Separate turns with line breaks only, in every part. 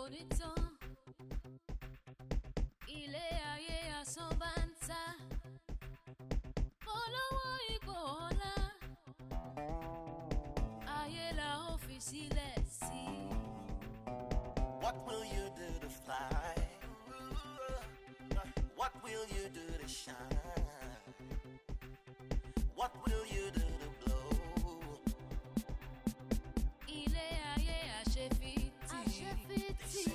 bonito ilé ayé olówó ayé la
What will you do to fly? What will you do to shine? What will you do? see.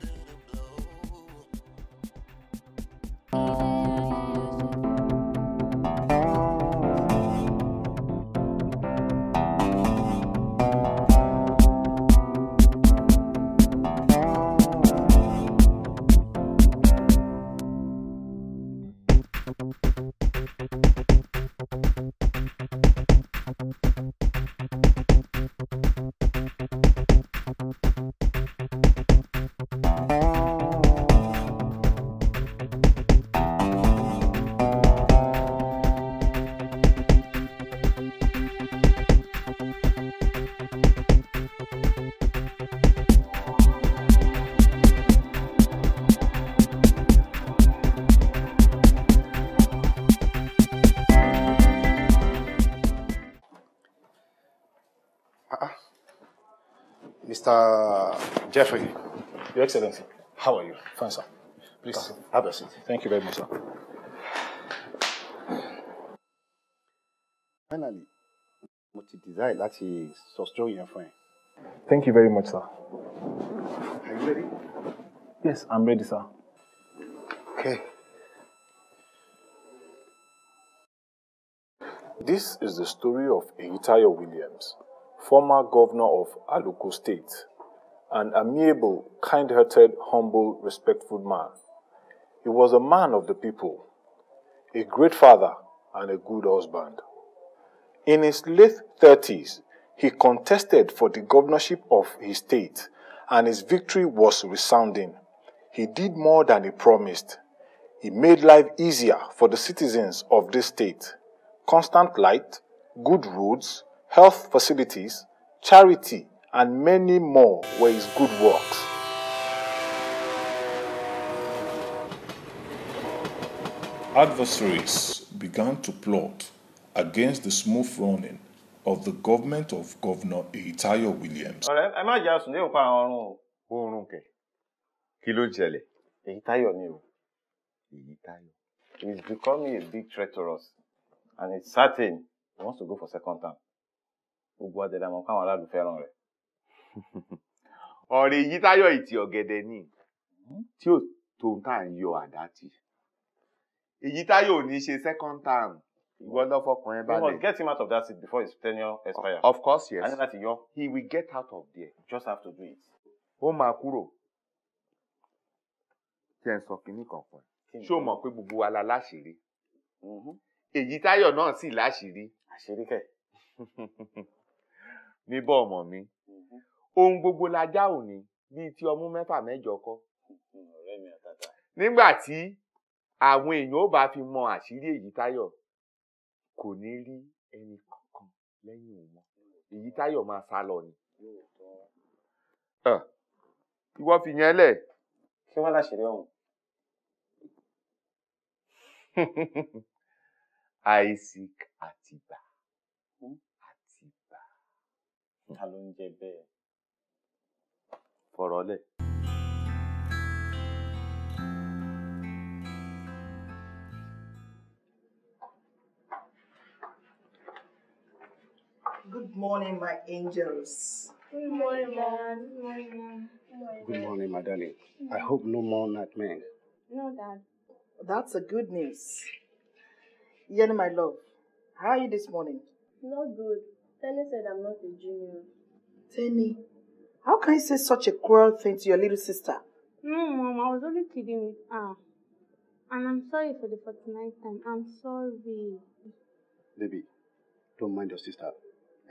Mr. Jeffrey. Your Excellency. How are you? Fine, sir. Please, have a seat. Thank you very much, sir.
Finally, what you desire that is so strong, your ẹ.
Thank you very much, sir. Are you ready? Yes, I'm ready, sir. Okay. This is the story of Eitayo Williams former governor of Aluko State, an amiable, kind hearted, humble, respectful man. He was a man of the people, a great father, and a good husband. In his late 30s, he contested for the governorship of his state, and his victory was resounding. He did more than he promised. He made life easier for the citizens of this state. Constant light, good roads, health facilities, charity, and many more were his good works. Adversaries began to plot against the smooth running of the government of Governor Itayo Williams. He's ẹ becoming a big threat to us and it's certain he wants to go for second term. ogun ọ̀tẹ̀dá mọ̀ káwọn aráàlú fẹ́ràn rẹ̀.
ọ̀rẹ́ yìí táyọ̀ ìtì ọ̀gẹ̀dẹ̀ ni
tí ò tó ń tà ń yọ àdá tì èyí táyọ̀ ò ní ṣe second term ìwọ fọkùnrin balẹ̀. you must get
him out of that seat before his tenure expires. of course yes. àní yọ. he will get out of there just have to do it.
ó máa kúrò kí ẹ sọ kínní kan fún ẹ ṣé o mọ̀ pé gbogbo wa la láṣìírí mm-hmm. èyí táyọ̀ náà sì láṣìírí. àṣírí kẹ̀. níbọ̀ ọmọ mi mm-hmm. ohun gbogbo lajá òní bíi ti ọmú mẹ́fà mẹ́jọ kọ́
mm-hmm.
nígbà tí àwọn èèyàn ó bá fi mọ àṣírí èyí táyọ̀ kò ní rí ẹni kankan lẹ́yìn òun èyí táyọ̀ máa sá lọ ni. ìwọ fi yẹn lẹ̀. kí wọ́n láṣìírí ọ̀hún.
Isaac Àtìbà. ta ló
Good morning, my angels. Good morning, mom. Good morning, my darling. I hope no more nightmares. No, Dad. That's a good news. Yenny, my love, how are you this morning? Not good. Tenny said I'm not a junior. Tenny, how can you say such a cruel thing to your little sister? No, Mom, I was only kidding with her. And I'm sorry for the 49th time. I'm sorry.
Baby, don't mind your sister.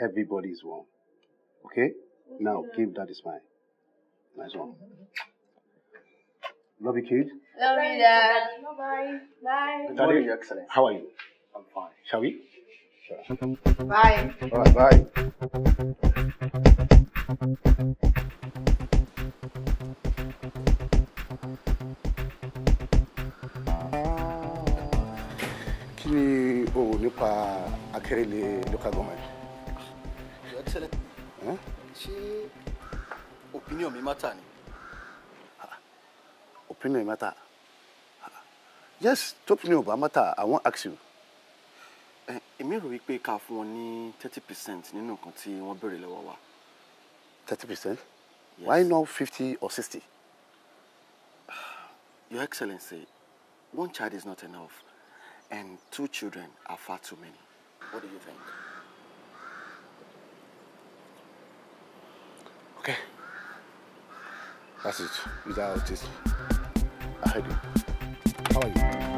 Everybody is one. Okay? now, give daddy smile. Nice one. Love you, kid.
Love you, Dad. Bye-bye. Bye. Daddy,
How are you? I'm fine. Shall we? Vai.
Vai,
vai. Kí ni o rò nípa Akérèlé local government?
Your excellence.
Ṣé opinion mi matter ni?
Opinion matter? Yes, tó opinion bá mata. I wan ask you èmi rò wípé ká fún wọn ní thirty percent nínú nǹkan tí wọ́n béèrè lọ́wọ́ wa. thirty percent why not fifty or sixty. Your Excellency, one child is not enough, and two children are far too many. What do you think? Okay. That's it. Without this, I heard you. How are you?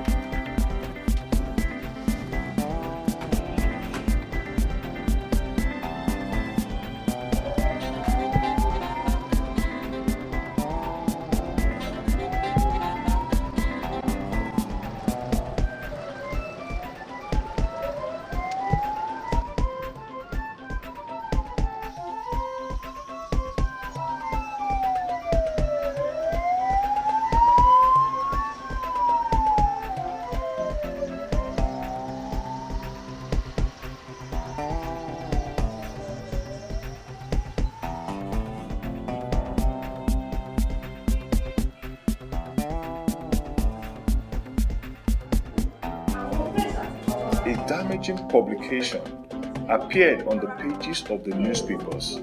appeared on the pages of the newspapers,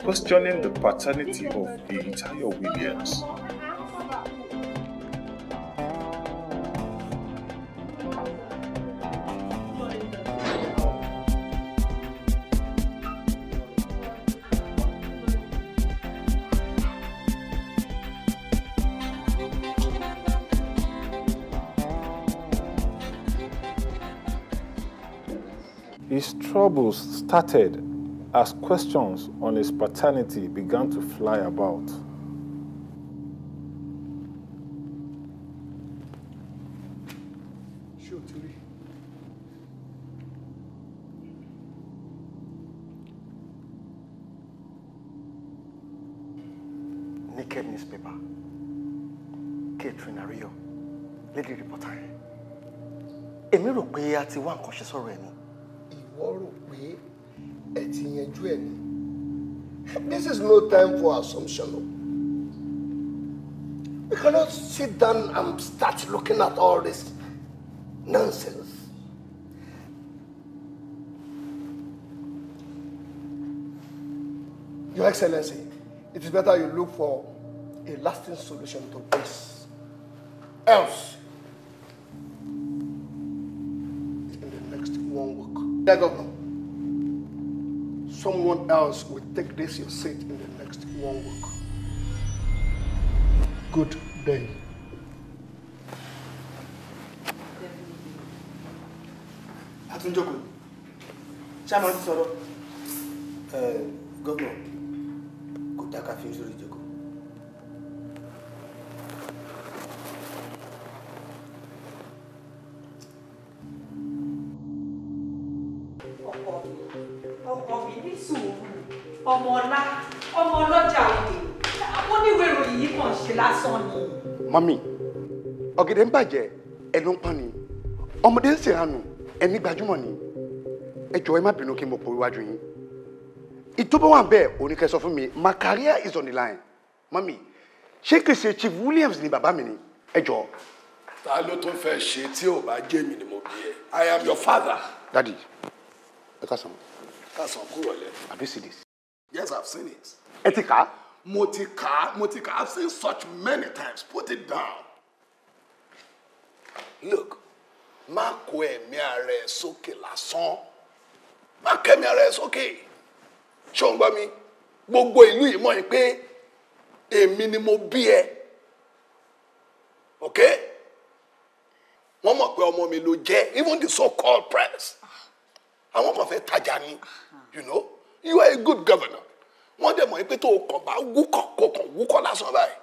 questioning the paternity of entire Williams. His troubles started as questions on his paternity began to fly about.
Naked newspaper. Catherine Ario. Lady reporter. Èmi rò pé a ti wá nǹkan ṣe sọ̀rọ̀ ni yanjú ẹ̀ ni this is no time for assumption o we cannot sit down and start looking at all this nonsense. Your Excellency, it is better you look for a lasting solution to this. Else, in the next one week. Dear Governor, someone else will take this your seat in the next one week. Good day. Atunjoko,
Chairman Soro, Governor, kò dáká fi ń sórí ìjọba.
mọ́mì ọ̀gẹ̀dẹ̀ ń bàjẹ́ ẹnu ń pọ́n ni ọmọdé ń ṣèranù ẹni gbajúmọ̀ ni ẹ jọ̀ọ́ ẹ má bínú kí n mọ̀ pò iwájú yín ìtọ́bọ̀ wà bẹ́ẹ̀ oníkẹ́ sọ fún mi my career is on the line mọ́mì ṣé kì Chief Williams ni bàbá mi ni ẹ jọ̀ọ́. ta ló tún fẹ́ ṣe tí ò bá jẹ́ mi ni mo bí ẹ I am your father. dadi ẹ ká sàn. ká sàn kúrò lẹ. you seen this? yes I have seen it. ẹ ti kà á mo ti kà á I've seen such many times put it down. look má kó ẹ̀mí ara ẹ̀ sókè lásán má kẹ́mi ara ẹ̀ sókè ṣé o ń gbọ́ mi gbogbo ìlú yìí mọ̀ yín pé èmi ni mo bí ẹ ok wọ́n mọ̀ pé mi ló jẹ́ even the so called press I want to say ni you know you are a good governor wọ́n dẹ̀ mọ̀ pé tó kàn bá wúkọ̀ kò kàn wúkọ̀ lásán báyìí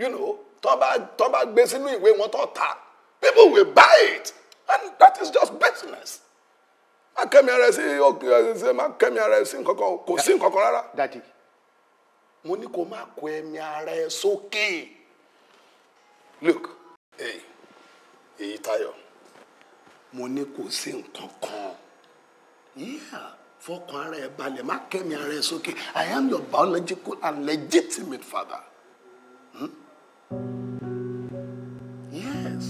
you know tán bá tán bá gbé sínú ìwé wọn tán ta people will buy it and that is just business má kẹ́mi ara ẹ sí òkè ẹ sí má kẹ́mi ara ẹ sí nkankan kò sí nkankan rárá. dadi mo ní kó má kó ẹ̀mí ara ẹ sókè look èyí èyí tayo mo ní kò sí nkankan yeah. fọkàn ara ẹ balẹ̀ má kẹ́mi ara ẹ sókè I am your biological and legitimate father. Hmm?
Yes.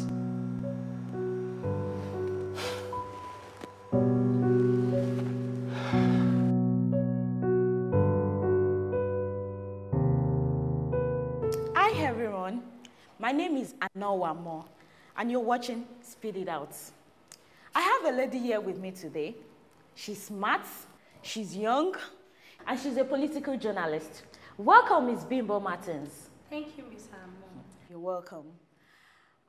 Hi everyone, my name is Anowa Moore and you're watching Speed It Out. I have a lady here with me today She's smart, she's young, and she's a political journalist. Welcome, Ms. Bimbo Martins. Thank you, Ms. Hammond. You're welcome.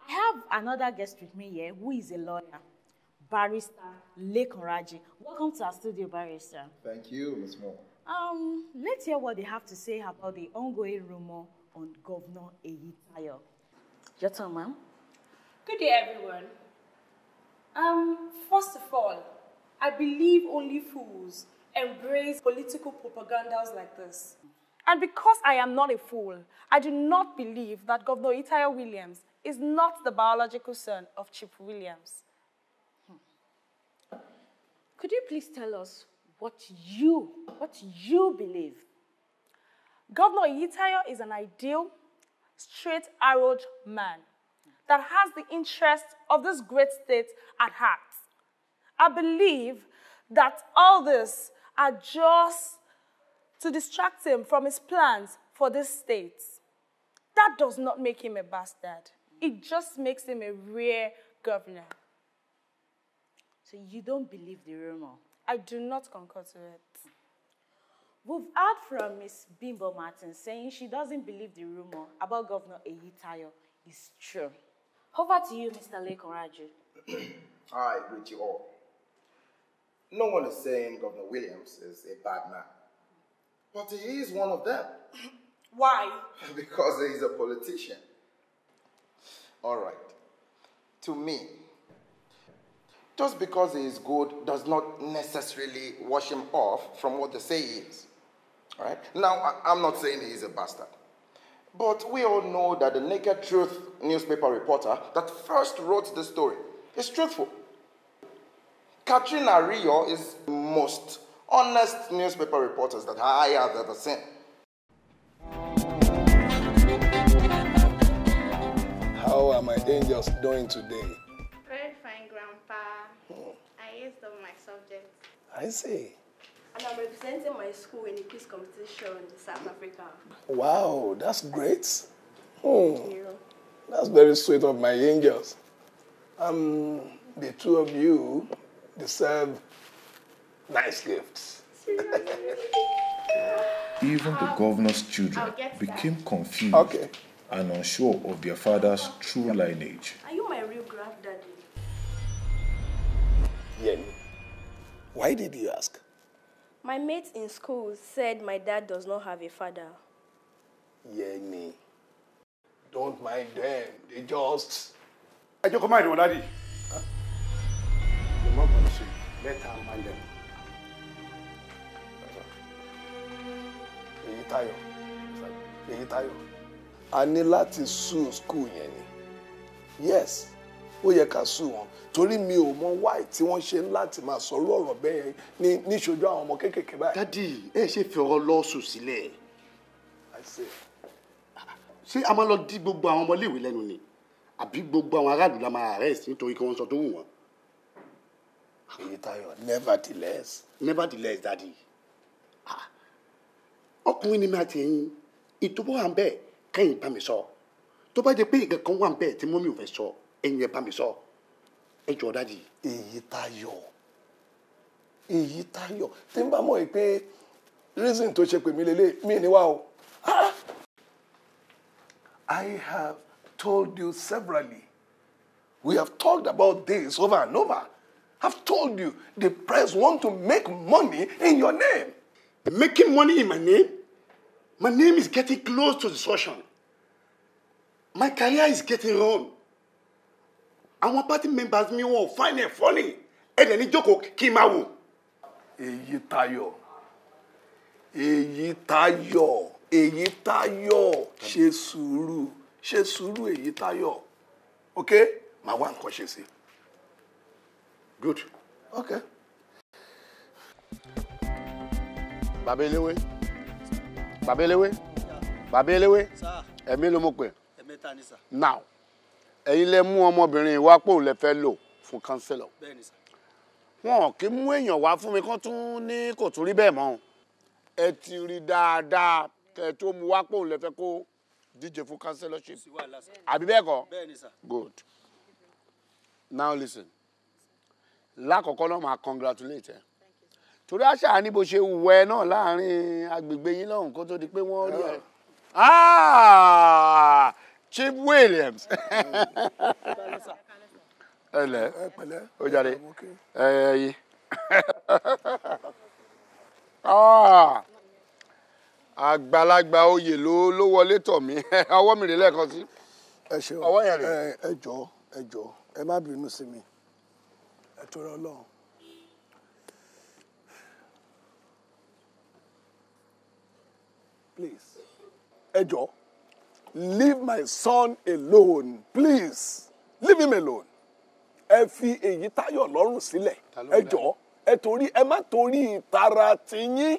I have another guest with me here who is a lawyer, barrister Lake Raji. Welcome to our studio, barrister.
Thank you, Ms. Mo.
Um, let's hear what they have to say about the ongoing rumor on Governor Eyitayo. Your turn, ma'am. Good day, everyone. Um, first of all, I believe only fools embrace political propagandas like this. And because I am not a fool, I do not believe that Governor Itaya Williams is not the biological son of Chip Williams. Hmm. Could you please tell us what you, what you believe? Governor Itaya is an ideal, straight-arrowed man that has the interests of this great state at heart. I believe that all this are just to distract him from his plans for this state. That does not make him a bastard. It just makes him a rare governor. So you don't believe the rumor? I do not concur to it. We've heard from Miss Bimbo Martin saying she doesn't believe the rumor about Governor Eyitayo is true. Over to you, Mr. Lekonraju.
Hi, greet you all. No one is saying Governor Williams is a bad man,
but he is one of them. Why?
Because he is a politician. All right. To me, just because he is good does not necessarily wash him off from what they say he is. All right? Now, I'm not saying he is a bastard. But we all know that the Naked Truth newspaper reporter that first wrote the story is truthful. Katrina Rio is most honest newspaper reporters that I have ever seen. How are my angels doing today?
Very fine, Grandpa.
Hmm. I aced all my subjects. I see. And I'm representing my school in the quiz competition in South Africa.
Wow, that's great.
Hmm. Thank you.
Hmm. That's very sweet of my angels. Um, the two of you deserve nice gifts.
Even the governor's children became confused okay. and unsure of their father's true yep. lineage.
Are you my real granddaddy?
Yen, yeah. why did you ask?
My mates in school said my dad does not have a father.
Yemi, don't mind them. They just. I just command you, daddy. mẹ́ta máa lẹ̀ mọ́ èyí tayọ èyí tayọ a ní láti sue school yẹn ni yes ó yẹ ká sue wọn torí mi ò mọ why tí wọ́n ṣe ń láti máa sọ̀rọ̀ ọ̀rọ̀ bẹ́ẹ̀ ní níṣojú àwọn ọmọ kéékèèké báyìí. dádì ẹ ṣe fi ọ̀rọ̀ lọ́ọ̀sù sílẹ̀. ṣé a máa lọ dí gbogbo àwọn ọmọléèwé lẹ́nu ni àbí gbogbo àwọn aráàlú la máa arrest nítorí kí wọ́n sọ tó wù wọ́n. Oyetayo nevertheless nevertheless dadi ọkùnrin ni mi àti ẹ̀yin ìtúbọ̀ wà ń bẹ̀ kẹ́yìn bá mi sọ tó bá jẹ pé ìgbà kan wà ń bẹ̀ mo mọ́mí ò fẹ́ sọ ẹ̀yin ẹ̀ bá mi sọ ẹ jọ dadi. Oyetayo Oyetayo tí n bá mọ̀ yìí pé reason tó ṣe pè mí lélẹ̀ mí ni wá o. I have told you severally we have talked about this over and over. I've told you, the press want to make money in your name. Making money in my name? My name is getting close to destruction. My career is getting wrong. Our party members me, wọ́n find it funny. Ẹ̀dẹ̀ then jókòó kí n máa wò. Èyí tayọ̀. Èyí tayọ̀. Èyí tayọ̀. Ṣe sùúrù. Ṣe sùúrù èyí tayọ̀. Ok? Màá wá Good. Okay. Bàbá eléwé. Bàbá eléwé. Bàbá eléwé. Ẹ̀mí ló mọ̀ pé. Ẹ̀mẹ́ta ni sà. Now, ẹ̀yin lẹ mú ọmọbìnrin ìwá pò lẹ fẹ́ lò fún kánsílọ̀. Bẹ́ẹ̀ni sà. Wọn kì í mú èèyàn wá fún mi kán tún ní kò tún rí bẹ́ẹ̀ mọ́. Ẹ ti rí dáadáa kẹ tó mú wá pò lẹ fẹ́ kó díje fún kánsílọ̀ṣìp. Àbí bẹ́ẹ̀ kọ́? Bẹ́ẹ̀ni sà. Good. Now listen lákọ̀ọ́kọ́ náà máa congratulate ẹ torí àṣà ni bó ṣe wù náà láàrin agbègbè yín lọ́hùn kó tó di pé wọ́n rí ẹ. Ah. Ah! Chief Williams ẹlẹ ó jáde ẹyẹ ah! àgbàlagbà oyè ló ló wọlé tọ̀ mí ọwọ́ mi rè lẹ́ẹ̀kan sí. ẹ ṣeun ọwọ́ yẹn rè. ẹ jọ̀ọ́ ẹ jọ̀ọ́ ẹ má bínú sí mi ẹ̀tọ́rọ ọlọ́run. Please. Ẹ leave my son alone, please. Leave him alone. Ẹ fi èyí táyọ̀ lọ́rùn sílẹ̀. Ẹ jọ̀ọ́, ẹ torí ẹ má torí ìtara tiyín.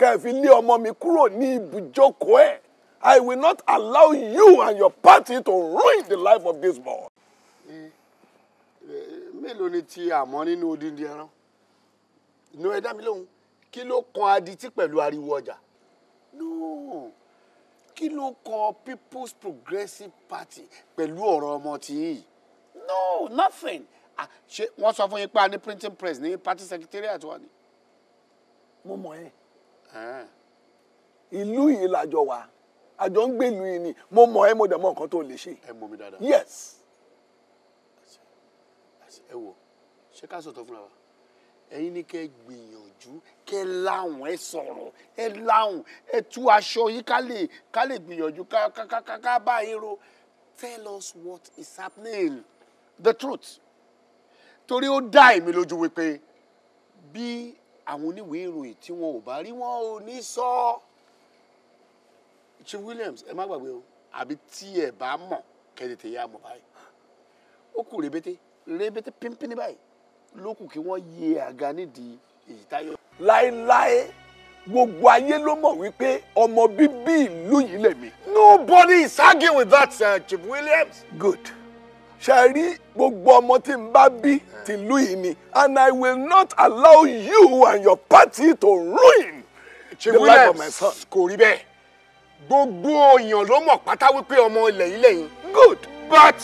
Kẹ́ fi lé ọmọ mi kúrò ní ibùjókòó ẹ̀. I will not allow you and your party to ruin the life of this boy mélòó ni ti àmọ́ nínú odindi ẹran inú ẹ dá mi lóhùn kí ló kan adití pẹ̀lú ariwo ọjà no kí ló kan People's Progressive Party pẹ̀lú ọ̀rọ̀ ọmọ tí yìí no nothing ṣé wọ́n sọ fún yín pé a ní printing press ní party secretariat wa ni. mo mọ̀ ẹ́ ìlú yìí làjọ wa àjọ ń gbèlú yìí ni mo mọ̀ ẹ́ mo dẹ̀ mọ̀ nǹkan tó lè ṣe. ẹ mọ̀ mi dáadáa. yes ẹ wò ṣé ká sọ̀tọ̀ fúnra wa ẹ̀yin ní kẹ́ gbìyànjú kẹ́ láwọn ẹ sọ̀rọ̀ ẹ láwọn ẹ tú aṣọ yìí ká lè ká lè gbìyànjú ká ká ká ká bá yín ro tell us what is happening the truth torí ó dá èmi lójú wípé bí àwọn oníwèé ìròyìn tí wọn ò bá rí wọn ò ní sọ Chief Williams ẹ má gbàgbé o àbí tí ẹ bá mọ̀ kẹ́ tètè yá mọ̀ báyìí ó kù rèbété rébété pínpín báyìí lókù kí wọ́n yẹ àga nídìí èyí táyọ. láéláé gbogbo ayé ló mọ̀ wípé ọmọ bíbí ìlú yìí lèmi. nobody is arguing with that uh, Chief Williams. good ṣe rí gbogbo ọmọ tí n bá bí tìlú yìí ni and I will not allow you and your party to ruin the life of my son. kò rí bẹ́ẹ̀ gbogbo èèyàn ló mọ̀ pátá wípé ọmọ ilẹ̀ yìí lẹ́yìn. good. but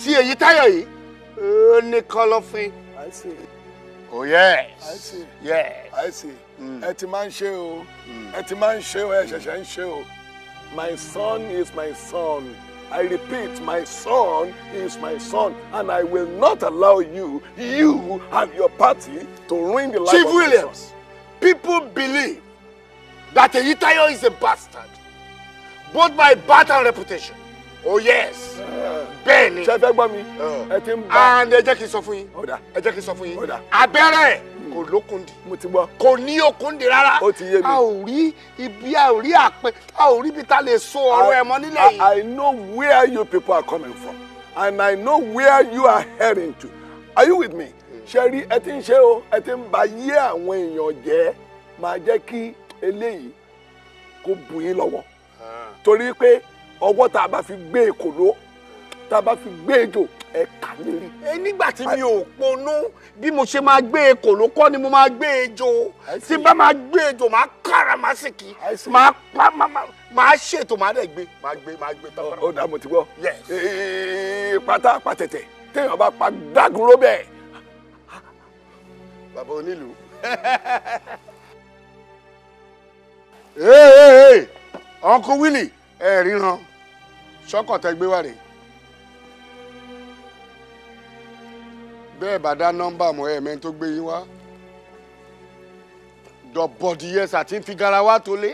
ti èyí táyọ̀ yìí ó ní I see. Oh yes. I see. Yes. I see. Mm. Ẹ ti máa ń ṣe o. Mm. Ẹ ti máa ń ṣe o. Ẹ ṣẹ̀ṣẹ̀ ń ṣe o. My son is my son. I repeat, my son is my son, and I will not allow you, you and your party, to ruin the life Chief of Williams, people believe that Eyitayo is a bastard, both by birth and reputation oh yes bẹ́ẹ̀ ni. ṣe fẹ́ gbọ́ mi ẹ ti ń bá. and ẹ jẹ́ kí n sọ fún yín ẹ jẹ́ kí n sọ fún yín abẹ́rẹ́ hmm. kò lókùndì mo ti gbọ́ kò ní okùndì rárá ó ti yé mi a ò rí ibi a ò rí àpẹ a ò rí ibi tá lè so ọ̀rọ̀ ẹ̀ mọ́ nílẹ̀ yìí. I know where you people are coming from and I know where you are heading to are you with me. Hmm. ṣe rí ẹ ti ń ṣe o ẹ ti ń ba yé àwọn èèyàn jẹ́ máa jẹ́ kí eléyìí kó bù yín lọ́wọ́ ah. torí pé ọwọ́ tá a bá fi gbé èkòló tá a bá fi gbé ejò ẹ kà lérí. ẹ nígbà tí mi ò ponú bí mo ṣe máa gbé èkòló kọ́ ni mo máa gbé ejò tí bá máa gbé ejò máa kára máa sì kí máa pa máa ṣètò máa dẹ̀ gbé máa gbé máa gbé tọ́kọ́rọ́. ó dààmú ti gbọ́ pátá pàtẹ̀tẹ̀ téèyàn bá pa dágúró bẹ́ẹ̀. bàbá onílù. ọ̀nkú wílì ẹ̀ ríran ṣọ́kàn tẹ́ gbé wá rèé bẹ́ẹ̀ bá dá nọ́mbà mọ́ ẹ̀ mẹ́ni tó gbé yín wá dọ̀bọ̀dì yẹn sàtí ń fi gara wá tó lé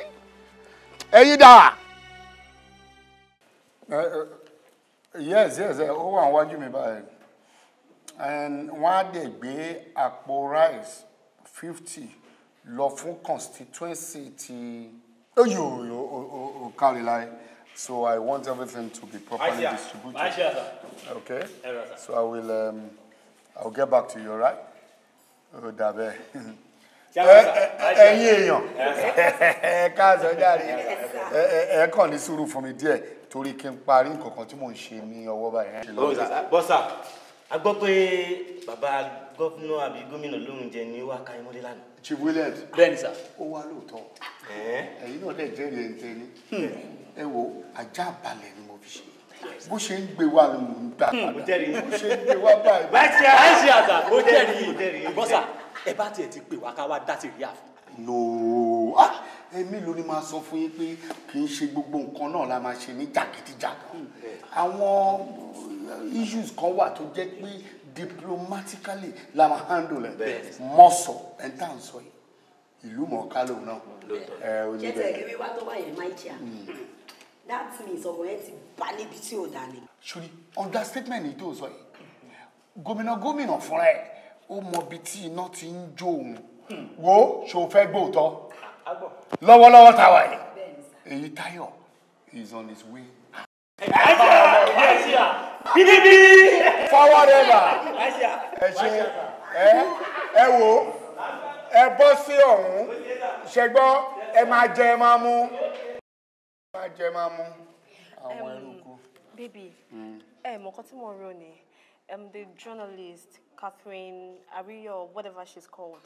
ẹ̀yin dà. yes yes ó wà níwájú mi báyìí wọ́n á dẹ̀ gbé àpò rice fifty lọ fún constituency ti. ó yòó ó láyé. So I want everything to be properly distributed. Okay. So I will um, I'll get back to you, right? Ó dà bẹ́ẹ̀. Ẹ̀yin èèyàn, ẹ káàsán jàre, ẹ kàn ní sùúrù fún mi díẹ̀ torí kí n parí nǹkankan tí mò ń ṣe ní ọwọ́ báyìí.
Bọ́sà, a gbọ́ pé bàbá gọ́fúnà àbí gómìnà Lóúnjẹ
ni ó wá káyọ̀ mọ́lẹ́ lánàá. Chief Williams. Bẹ́ẹ̀ni sà. Ó wá lóòótọ́. Ẹ̀yin náà lè jẹ́rìí ẹ̀ tẹ́ ní ẹ wo ajá balẹ̀ ni mo fi ṣe bó ṣe ń gbé wa ni ń gbà hmm, padà bó ṣe ń gbé wa báyìí. báyìí ṣe àtà ó jẹ́rìí bọ́sà ẹ bá tiẹ̀ ti pè wá ká wá dá sí rí àfin. noo ah èmi ló ní máa sọ fún yín pé kì í ṣe gbogbo nǹkan náà la máa ṣe ní jàgídíjàgan àwọn eh, issues kan wà tó jẹ́ pé diplomatically la máa handle ẹ̀ mọ́sọ̀ ẹ̀ ń tà ń sọ yìí ìlú mọ̀ọ́ká lòun náà. ṣé tẹ̀ kí wíwá tó
wà yẹn máa jẹ́ à that means ọmọ yẹn ti bá níbi tí ò dání.
sori understatement yìí tó sọ yìí gómìnà gómìnà fúnra ẹ ó mọ ibi tí iná ti ń jó òun hmm. wo ṣó fẹ́ gbóòótọ́ lọ́wọ́lọ́wọ́ tá a wà yìí èyí Táyọ̀ is on his way. bíbí. forward ever ẹ ṣe ẹ wo
ẹ bọ́ sí ọ̀hún ṣẹgbọ́ ẹ máa jẹ ẹ máa mú
ẹ máa jẹ ẹ máa mú àwọn ẹrúkú. baby hmm.
ẹ mọ nǹkan tí mo rò ni the journalist Catherine Ariyo whatever she's called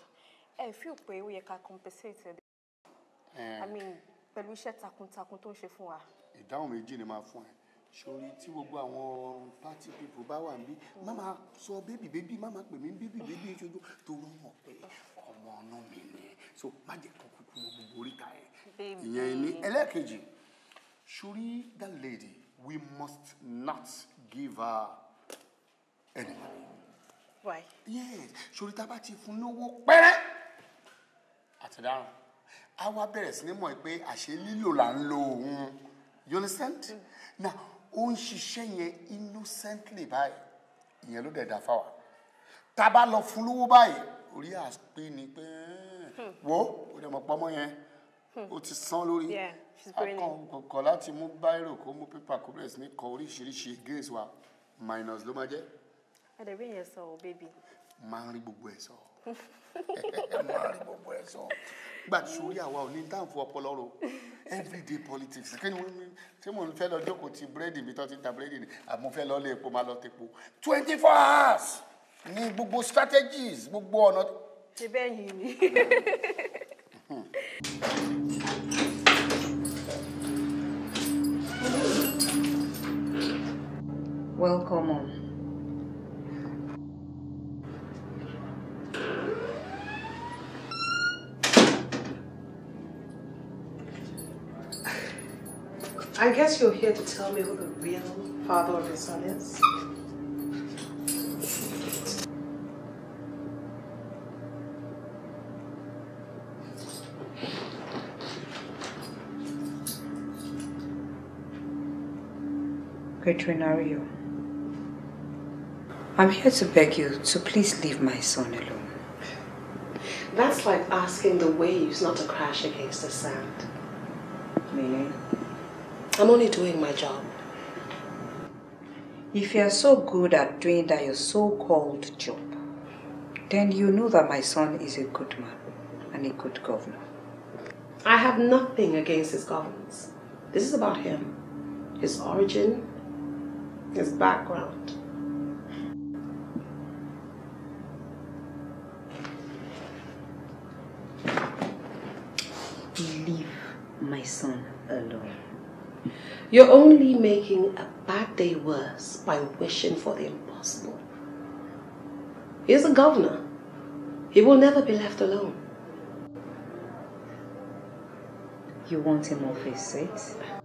ẹ fi pé ó yẹ ká compensate ẹ eh. i mean pẹ̀lú iṣẹ́ takuntakun tó ń ṣe fún wa.
ìdáhùn méjì ni màá fún ẹ sori tí gbogbo àwọn party people bá wà níbí má máa sọ bébì bébì má máa pè mí bébì bébì ṣojú tó rọrùn pé àwọn ọ̀nà mi ni so má jẹ́ kó kúkú wọ gbogbo oríta
yẹn ìyẹn ni
ẹlẹ́ẹ̀kejì sórí that lady we must not give her any money. why. yes sórí tá a bá ti fún lówó pẹ́rẹ́ àtẹ̀dáràn a wá bẹ̀rẹ̀ sí ní mọ̀ pé àṣẹ lílò là ń lo òun you understand mm. now ó ń ṣiṣẹ́ yẹn innocently báyìí ìyẹn ló dẹ̀ dá fáwa tá a bá lọ fún lówó báyìí orí àpè ni pé hmm. wo onímọ̀pọ́mọ yẹn hmm. ó ti sán lórí akọ̀kọ̀ láti mú báírò kó mú pépà kó bẹ̀rẹ̀ sí ní kọ oríṣiríṣi against wa minus ló máa jẹ́.
àdàbí yẹn sọ o bébì.
máa ń rí gbogbo ẹ̀ sọ
máa ń
rí gbogbo ẹ̀ sọ gbà tí sórí àwa ò ní dáhùn fún ọpọlọ rò everyday politics kí ni wọ́n ní tí mò ń fẹ́ lọ jókòó ti búrẹ́dì mi tó ti ta búrẹ́dì ni àmọ́ fẹ́ lọ lé epo máa lọ tẹ̀po twenty four hours. ní gbogbo strategies gbogbo ọ̀nà.
ni. welcome I guess you're here to tell me who the real father of your son is. Veterinario. I'm here to beg you to please leave my son alone. That's like asking the waves not to crash against the sand. Meaning? I'm only doing my job. If you're so good at doing that your so-called job, then you know that my son is a good man and a good governor. I have nothing against his governance. This is about him, his origin, his background.
Leave my son alone.
You're only making a bad day worse by wishing for the impossible. He's a governor. He will never be left alone. You want him off his seat?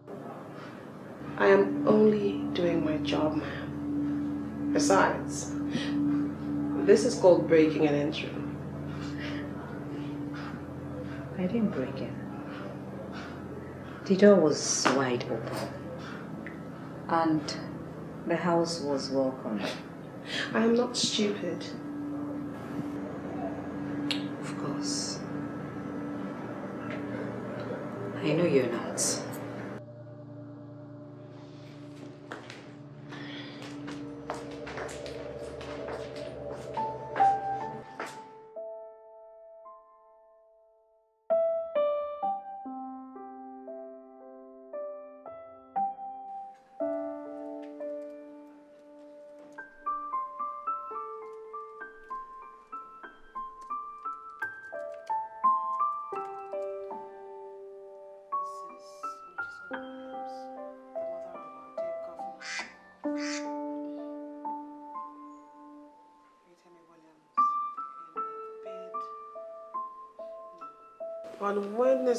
I am only doing my job, ma'am. Besides, this is called breaking an entry. I didn't break in. The door was wide open. And the house was welcome. I am not stupid.
Of course. I know you're not.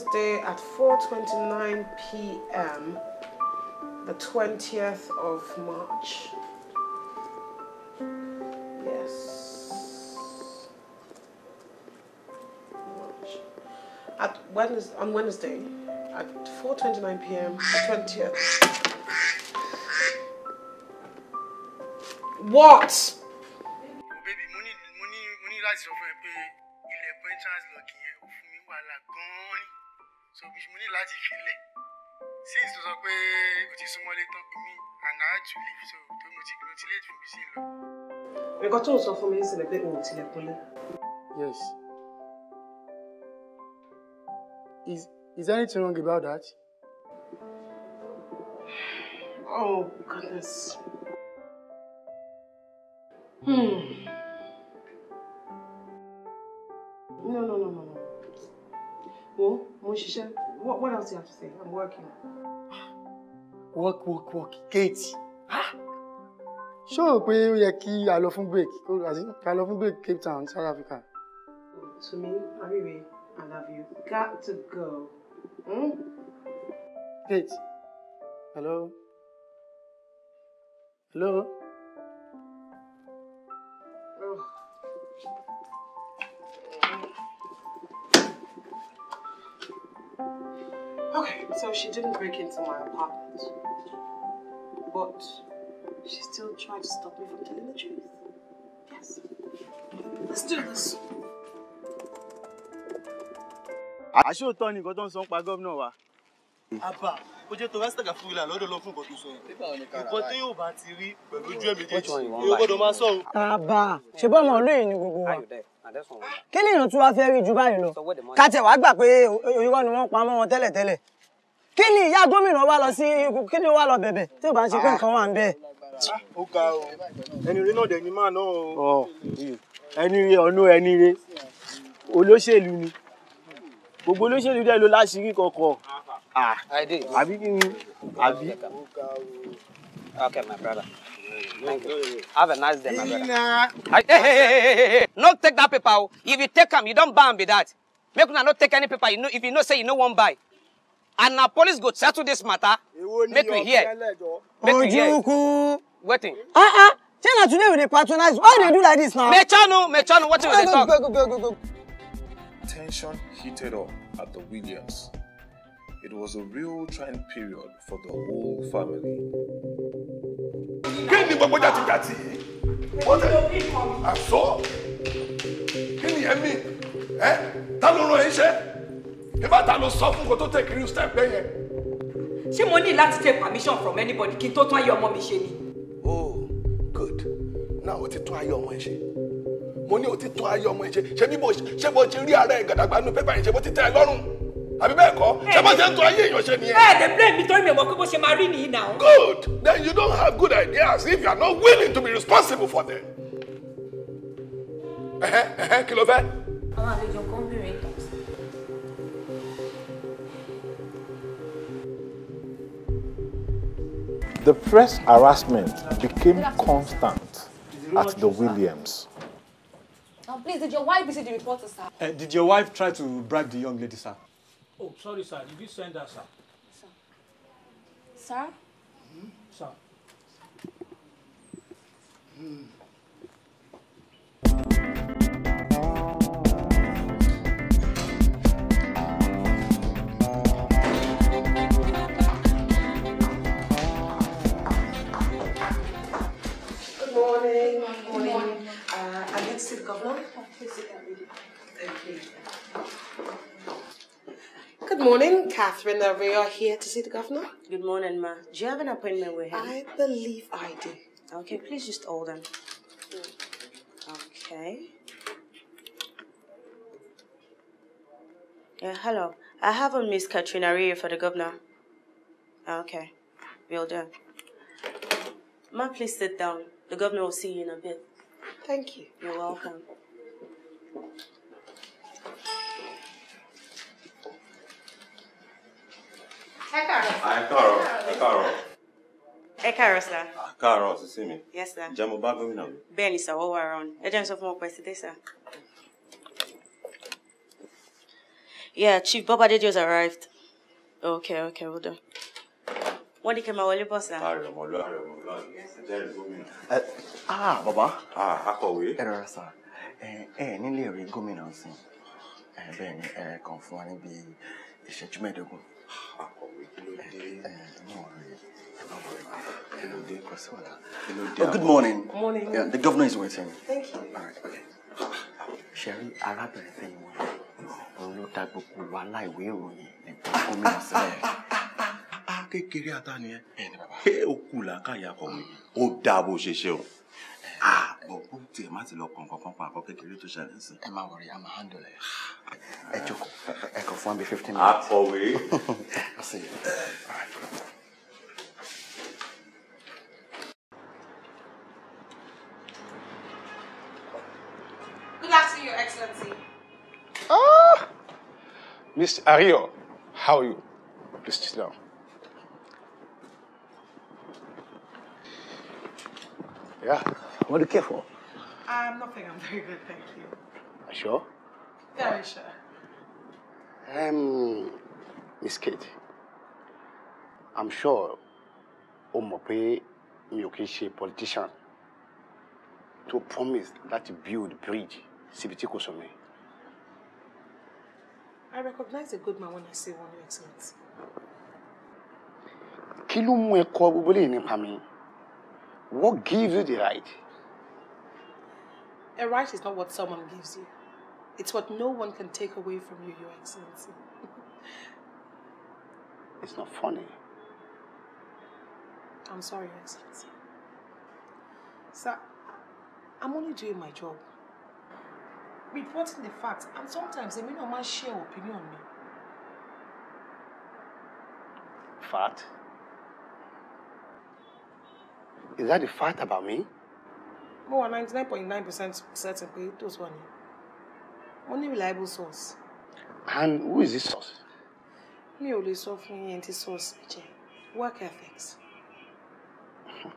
at 4:29 p.m. the 20th of March. Yes. March. At Wednesday, on Wednesday at 4:29 p.m. the 20th. What? nǹkan tó ń sọ fún mi ń sinmi pé òun tilẹ̀kùn lé.
yes is is anything wrong about that.
oh goodness. Hmm.
no no no no no. wo mo what what else do you have to say i'm working.
work work work Kate. Huh? Ah! Sure, o pé ó yẹ kí a lọ fún break ká lọ fún break Cape Town South Africa.
Sumi Arire I love you got to go. Hmm? Kate hello hello. Oh. Okay, so she didn't break into my apartment, but She still tried to stop me from telling the truth. Yes. Let's do this.
Àṣóòtọ́ ni nǹkan tó ń sọ ń pa gómìnà wa. Àbá ó jẹ́ tó rẹ́sítẹ̀gà fún ilé àlọ́dọ̀ lọ fún nǹkan tó sọ yẹn. Nǹkan tí yóò bá ti rí pẹ̀lú ojú ẹ̀mí méjì yóò gbọ́dọ̀ máa sọ̀rọ̀.
Àbá ṣe bọ́ ọmọ olóyè ni gbogbo wa. Kí ni èèyàn tí wàá fẹ́ rí ju báyìí lọ? Ká tẹ̀ wá gbà pé irọ́ ni wọ́n pa mọ́ wọn tẹ́lẹ̀tẹ́lẹ̀. Kí ni ìyá gómìnà wa lọ sí kí ni ó wá lọ bẹ̀bẹ̀
Ah, ó
náà dẹ̀ ni máa náà
o ẹni rẹ ọ̀nà olóṣèlú ni gbogbo olóṣèlú dẹ̀ ló láṣìírí kọ̀ọ̀kan
ah, àbí kí ni àbí. Okay, my brother.
Have a nice day, my brother. Hey, hey, hey, hey, hey. No take that paper. Oh. If you take them, you don't buy them be that. Make una no take any paper. You know, if you know, say you no one buy and our police go settle this matter make we hear make we hear ojukwu wetin. ah ah china today we dey patronize why you dey do like this now. mechanu mechanu wetin we dey talk. go go go go go.
tension heated up at the williams it was a real trying period for the whole
family. kí ni gbogbo
jàtijàti yìí
wọ́n tẹ̀ àṣọ kí ni ẹ̀mí ẹ̀ ta ló rán ẹ̀ ṣe ìfàtà ló sọ fún kó tó take real step bẹ́ẹ̀ yẹn. ṣé mo ní láti take permission from anybody kí n tó tún ayé ọmọ mi ṣe ni. oh good now o ti tún ayé ọmọ ẹ ṣe mo ní o ti tún ayé ọmọ ẹ ṣe ṣé bí mo ṣe bó ti rí ara ẹ gàdàgbà nu pépà yẹn ṣe bó ti tẹ ẹ lọ́rùn àbí bẹ́ẹ̀ kọ́ ṣé bó ṣe ń tún ayé èèyàn ṣe nìyẹn. ẹ ẹ blame mi torí mi ò mọ pé bó ṣe máa rí nìyí náà. good then you don't have good ideas if you are not willing to be responsible for them. ẹhẹ ẹhẹ kí ló fẹ́.
àwọn àlejò kan ń bèrè ìtàn
The press harassment became constant at the Williams.
Now, please, did your wife visit the reporter, sir?
Uh, did your wife try to bribe the young lady, sir?
Oh, sorry, sir. Did you send her, sir? Sir?
Sir? Mm -hmm. Sir? Mm. morning. Good morning. morning. Uh, are you the Governor? Thank you. Good morning, Catherine Are we here to see the Governor. Good morning, Ma. Do you have an appointment with him? I believe I do. Okay, please just hold on. Okay. Yeah, hello. I have a Miss Katrina Rio for the governor. Okay, will do. Ma, please sit down. The governor will see you in a bit. Thank you. You're welcome. Ẹ káàárọ̀. Hi, káàárọ̀. Hey, káàárọ̀ sir. Ẹ ah,
káàárọ̀ see me. Yes sir.
Jamu ba gómìnà mi. Bẹ́ẹ̀ ni sir, wọ́n wà around. Ẹ jẹ́ n sir. Yeah, Chief Bobade just arrived. Okay, okay, hold on. Wọ́n ní kẹ́ máa wọlé bọ̀ sir. Àrẹ̀mọ̀ lọ, gómìnà.
ah bàbá. ah akọ̀wé. ẹ rọra sà ẹ ẹ nílé rí gómìnà sí bẹ́ẹ̀ ni ẹ kàn fún wa níbi ìṣẹ́jú mẹ́ẹ̀ẹ́dógún. akọ̀wé kí ló dé. ẹ ẹ mọ̀ rí ẹ má bọ̀ rí kí ló dé kò oh, good morning.
morning. Yeah, the governor is waiting. thank you. all right okay.
ṣẹ̀rí arábìnrin fẹ́ yín wọ́n ló ta gbogbo wa láìwé ìròyìn nípa gómìnà sílẹ̀
kékeré ata nìyẹn.
ẹ o kù la káyà kọ mi
ó dáa bó ṣe ṣe o.
bọ̀ kó tiẹ̀ má ti lọ kàn kankan pa kékeré tó ṣẹlẹ̀ sí. ẹ má wọrí a máa handle ẹ. ẹ jókòó ẹ kàn fún mi fifteen minutes. akọ̀wé.
Good afternoon, Your Excellency.
Ah, Miss Ario, how are you? Please sit down. Yeah. What do you care for?
Um, nothing. I'm very good, thank you.
Are sure? Very sure. Um, Miss Kate, I'm sure o mọ̀ pé mi ò kìí ṣe politician to promise láti build bridge síbi tí kò
I recognize a good man when I see one, Your Excellency.
Kí ló mú ẹ kọ mi? What gives you the right?
A right is not what someone gives you. It's what no one can take away from you, Your Excellency.
it's not funny.
I'm sorry, Your Excellency. Sir, I'm only doing my job. Reporting the facts, and sometimes they may not share opinion on me.
Fact? Is that the fact about me?
Mo wà 99.9% certain pay those money. Only reliable source.
And who is this source?
Me only source. sọ fún yín source Work ethics.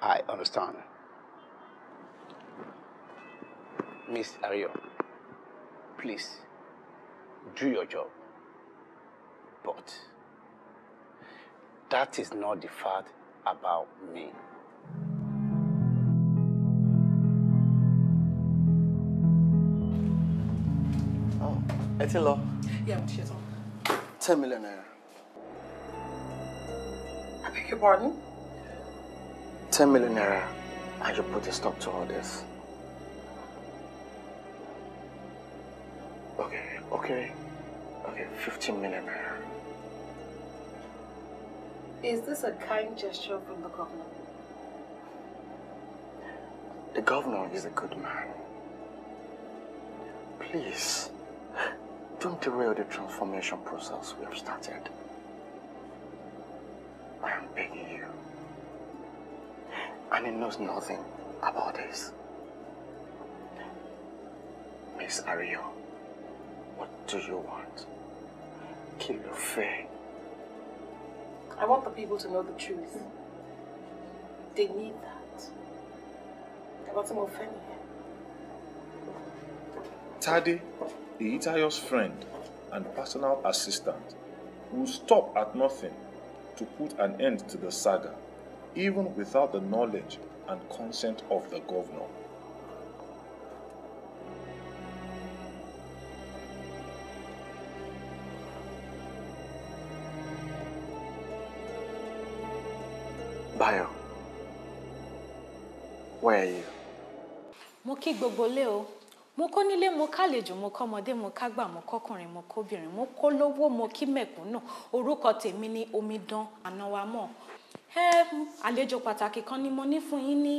I understand. Miss Ariel, please do your job. But that is not the fact about me. Oh, ẹ
Yeah, what's ti ṣetán.
Ten million naira. I beg your pardon?
Ten million naira, and you put a stop to all this.
Okay, okay, okay, fifteen million naira.
Is this a kind gesture from the governor?
The governor is a good man. Please, don't derail the transformation process we have started. I am begging you.
And he knows nothing about this.
Miss Ariel, what do you want?
Kill your faith.
I want the people to know the truth. They need that. to some offending.
Tade, the Itayo's friend and personal assistant, will stop at nothing to put an end to the saga, even without the knowledge and consent of the governor.
Báyọ̀, where are you?
Mo kí gbogbo le, o. Mo kó nílé, mo kálejò, mo kọ́mọdé, mo kágbà, mo kọ́kùnrin, mo kóbìnrin, mo kó lówó, mo kí mẹ̀kúnnù. Orúkọ tèmi ni Omidan Anáwámọ̀. Ẹ àlejò pàtàkì kan ni mo ní fún yín ní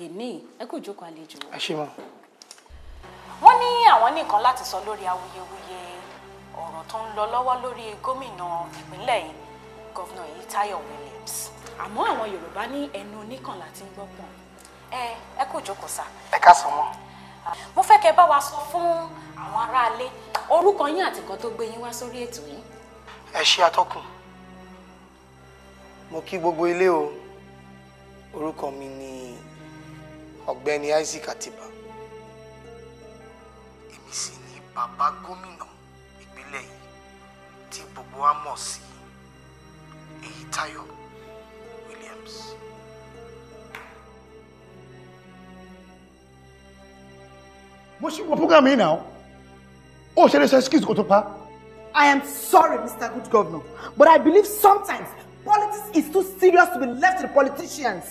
èní. Ẹ kò jókòó àlejò. Ẹ ṣe mọ̀. Wọ́n ní àwọn nìkan láti sọ awuyewuye ọ̀rọ̀ tó ń lọ lọ́wọ́ lórí gómìnà ìpínlẹ̀ yìí, Gọ́vnà Williams àmọ́ àwọn yorùbá ní ẹnu oníkànlá tí ń gbọ́pọ̀n ẹ ẹ kò jókòó sá. ẹ ká sọ wọn. mo fẹ́ kẹ́ bá wa sọ fún àwọn aráalé orúkọ yín àti nǹkan tó gbé yín wá sórí ètò yìí.
ẹ ṣe atọ́kùn mo kí gbogbo ilé o orúkọ mi ni ọ̀gbẹ́ni Isaac Atiba
èmi sì ni bàbá gómìnà ìpínlẹ̀ yìí tí gbogbo wa mọ̀ sí Èyítáyọ̀
lips.
Mo ṣe wọ program yìí náà. Ó ṣe lè ṣe excuse kò I am sorry, Mr. Good Governor, but I believe sometimes politics is too serious to be left to the politicians.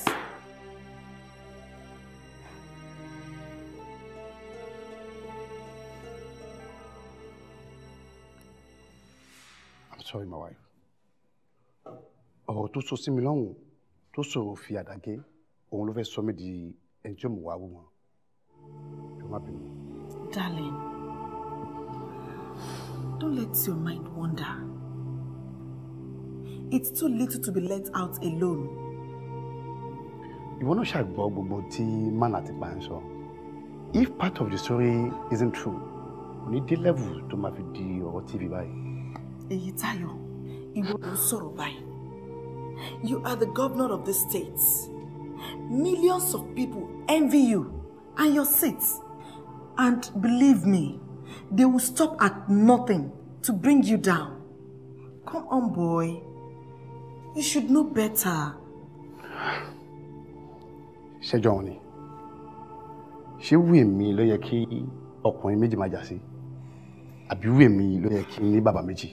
I'm sorry, my wife. Oh, tó sọ sí mi tó sòrò fi àdàgé òun ló fẹ́ sọ mí di ẹni tí ó mú wọn
darling don't let your mind wander it's too little to be let out alone.
ìwọ náà ṣàgbọ́ gbogbo tí man ti pa ń sọ if part of the story isn't true kò ní dé level tó máa fi di ọ̀rọ̀ TV báyìí.
èyí tayo ìwọ ló ń sọ̀rọ̀ báyìí. You are the governor of this state. Millions of people envy you and your seat. And believe me, they will stop at nothing to bring you down. Come on, boy. You should know better.
Ṣẹjọ́ wọn ni. Ṣé wù mí ló yẹ kí ọkùnrin méjì máa jà sí? Àbí wù mí ló yẹ kí ní bàbá méjì?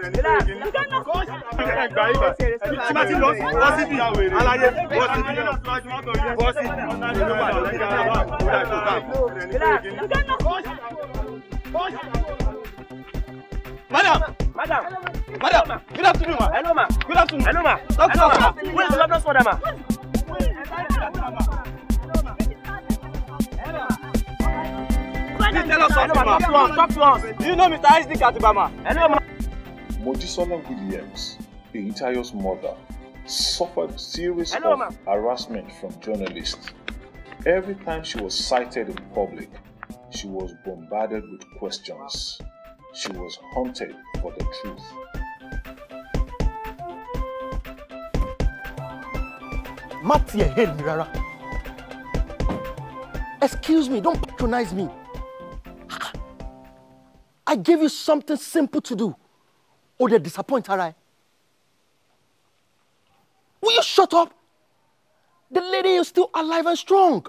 gbà yìí bá tí ma ti lọ bọ́ síbi alaye bọ́ síbi bọ́ síbi ló wà lórí ara wa kó dà tó kà
madam madam madam good afternoon ma hello ma good afternoon hello ma talk to us ma where is the lovely mother ma.
Please tell us something ma.
Talk
to us. Do you know Mr. Isaac Atibama? Hello ma.
Mojisola Williams, Eitayo's mother, suffered series Hello, of harassment from journalists. Every time she was cited in public, she was bombarded with questions. She was hunted for the truth.
Matthew Mirara. Excuse me, don't patronize me. I gave you something simple to do. o they disappoint ara Will you shut up? The lady is still alive and strong.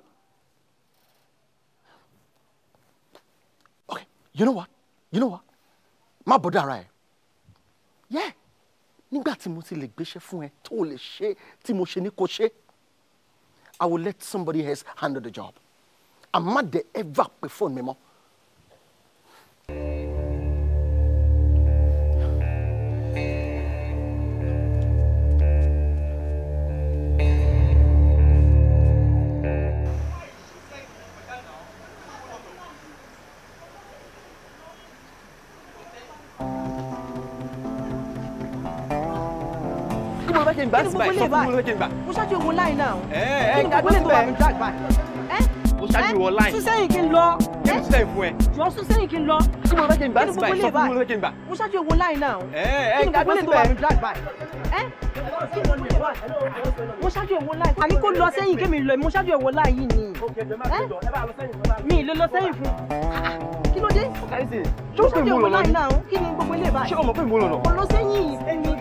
Okay, you know what? You know what? My bọ̀dọ̀ ara Yeah, nígbà tí mo ti lè gbéṣẹ́ fún ẹ tó o lè ṣe tí mo ṣe ní kò ṣe. I will let somebody else handle the job. I'm not the ever before, me more.
gbà sí báyìí sọ fún mi lókè gbà.
mo ṣáájú òun láì náà. ẹ ẹ gbàgbé bẹ́ẹ̀ mo ṣáájú ìwọ láì. sún sẹ́yìn kí n lọ.
kí n sẹ́yìn fún ẹ.
jọ sún sẹ́yìn kí n lọ. kí mo fẹ́ gbà sí báyìí sọ fún mi lókè gbà. mo ṣáájú òun láì náà. ẹ ẹ gbàgbé bẹ́ẹ̀ mo ṣáájú èwo láì àní kó lọ sẹ́yìn kémi lọ mo ṣáájú èwo láì yìí ni mi ì lè lọ sẹ́yìn fún kí ló dé mo ṣáájú èwo láì náà kí ni gbogbo ilé báyìí ṣé o mọ̀ pé mo lọ lọ. kò lọ sẹ́yìn mi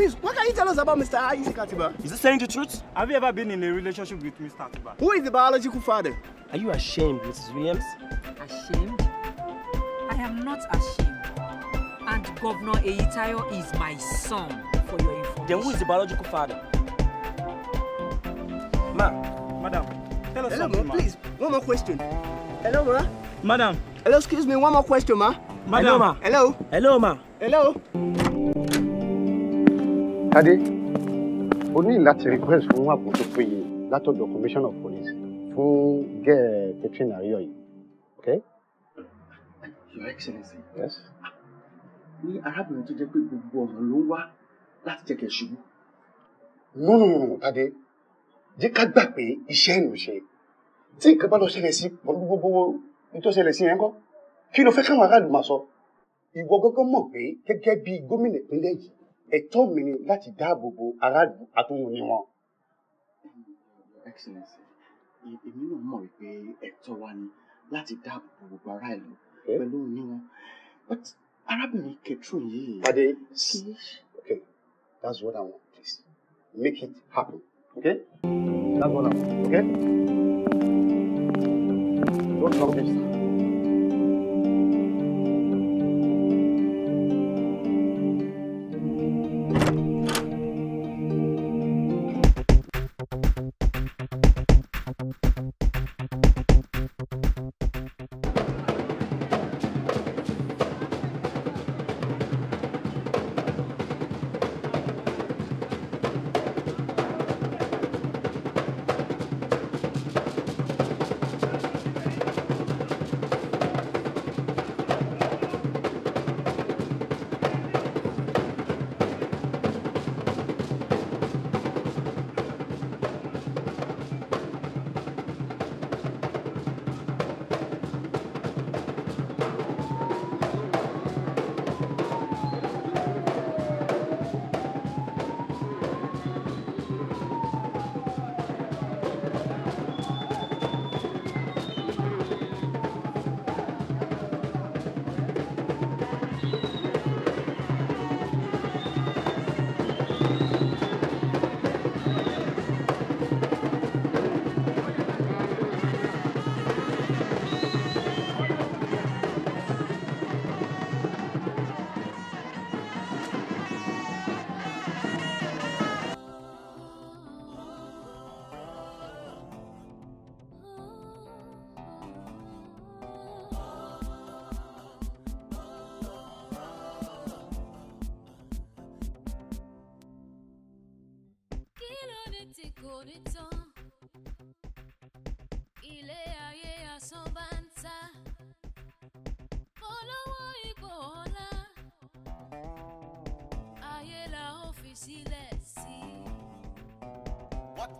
Please, what can you tell
us about Mr. Isaac
Atiba?
Is he saying the truth? Have you ever been in a relationship with Mr. Atiba? Who is the biological father? Are you ashamed, Mrs. Williams?
Ashamed? I am not ashamed. And Governor Eitayo is my son, for your information. Then who is the biological father?
Ma. Madam, tell us Hello, something, ma. please. One more question. Hello, ma. Madam. Hello, excuse me, one more question, ma. Madam. Hello, ma. Hello. Hello, ma. Hello. Hello.
Tade, o ní láti request fún ààbò tó péye látọ̀dọ̀ commission of police fún gẹ́ẹ̀ Catherine Ayo yìí. ok? Your Excellency. Yes.
Ní arábìnrin tó jẹ́ pé gbogbo ọ̀nà ló
ń wá láti jẹ́ kẹ̀ ṣubú. No, no, Tade, jẹ́ ká gbà pé iṣẹ́ ìlú ṣe. Tí nǹkan bá lọ ṣẹlẹ̀ sí pẹ̀lú gbogbo nítorí ṣẹlẹ̀ sí yẹn kọ́, kí ló fẹ́ káwọn aráàlú máa sọ? Ìwọ gọ́gọ́ mọ̀ pé gẹ́gẹ́ bí gómìnà ìpínlẹ̀ yìí, ẹ̀tọ́ mi ni láti dáàbò bo aráàlú àtòhùn ni wọn. Excellency e-, èmi náà mọ̀ wípé ẹ̀tọ́ wa ni láti dáàbò bo gbogbo aráàlú pẹ̀lú òní wọn but arábìnrin Catherine yìí. Adé okay that's what I want please make it happen okay that's what I want okay don't talk this time.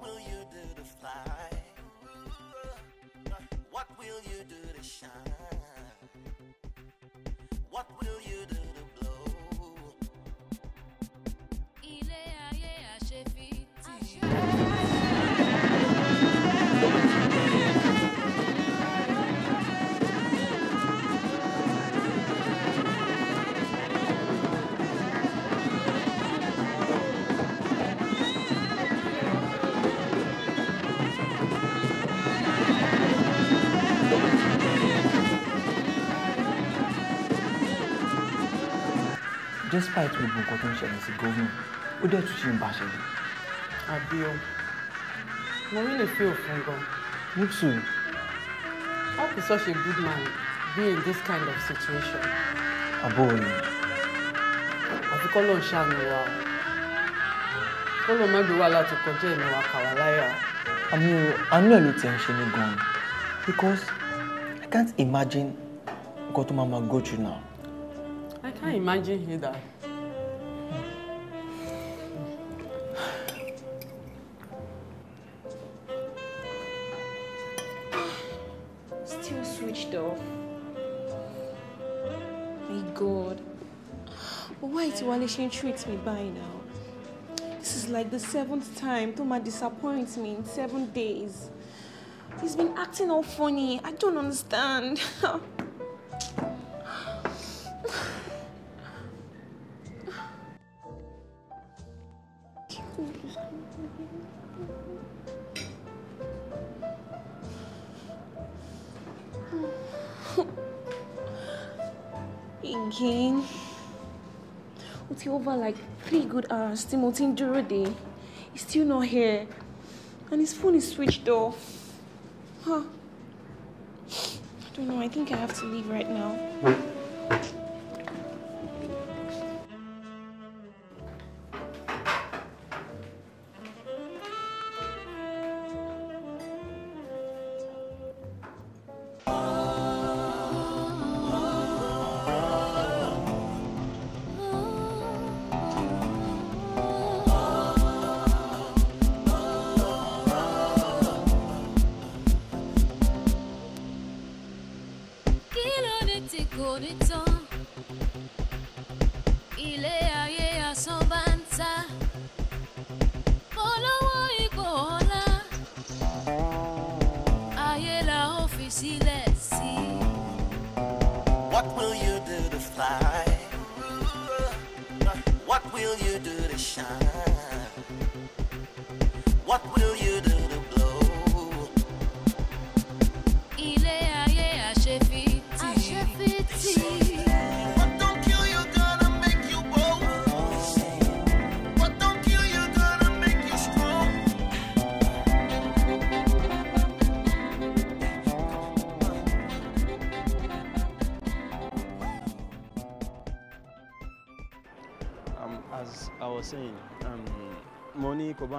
will you do to fly? What will you do to shine?
despite gbogbo nǹkan tó ń ṣẹlẹ̀ sí gómìnà ó dẹ̀ tún ṣe ń bá ṣẹlẹ̀.
àbí o mo rí lè fi òfin gan. me too. Up is such a good man be in this kind of situation. àbọ̀ òye. àfi kọ́ ló ń ṣàmì wa o kọ́ ló má gbé wàhálà tó kọjá ẹ̀mí wa kà wá láyà.
àmì o àánú ẹ̀ ló ti ń ṣe mí gan-an because I can't imagine nǹkan tó máa ma go through now.
Can not imagine Hilda?
Still switched off.
My God. Why is Walishin treats me by now? This is like the seventh time Toma disappoints me in seven days. He's been acting all funny. I don't understand. again. It's over like three good hours. Timothy Durode is still not here, and his phone is switched off. Huh? I don't know. I think I have to leave right now.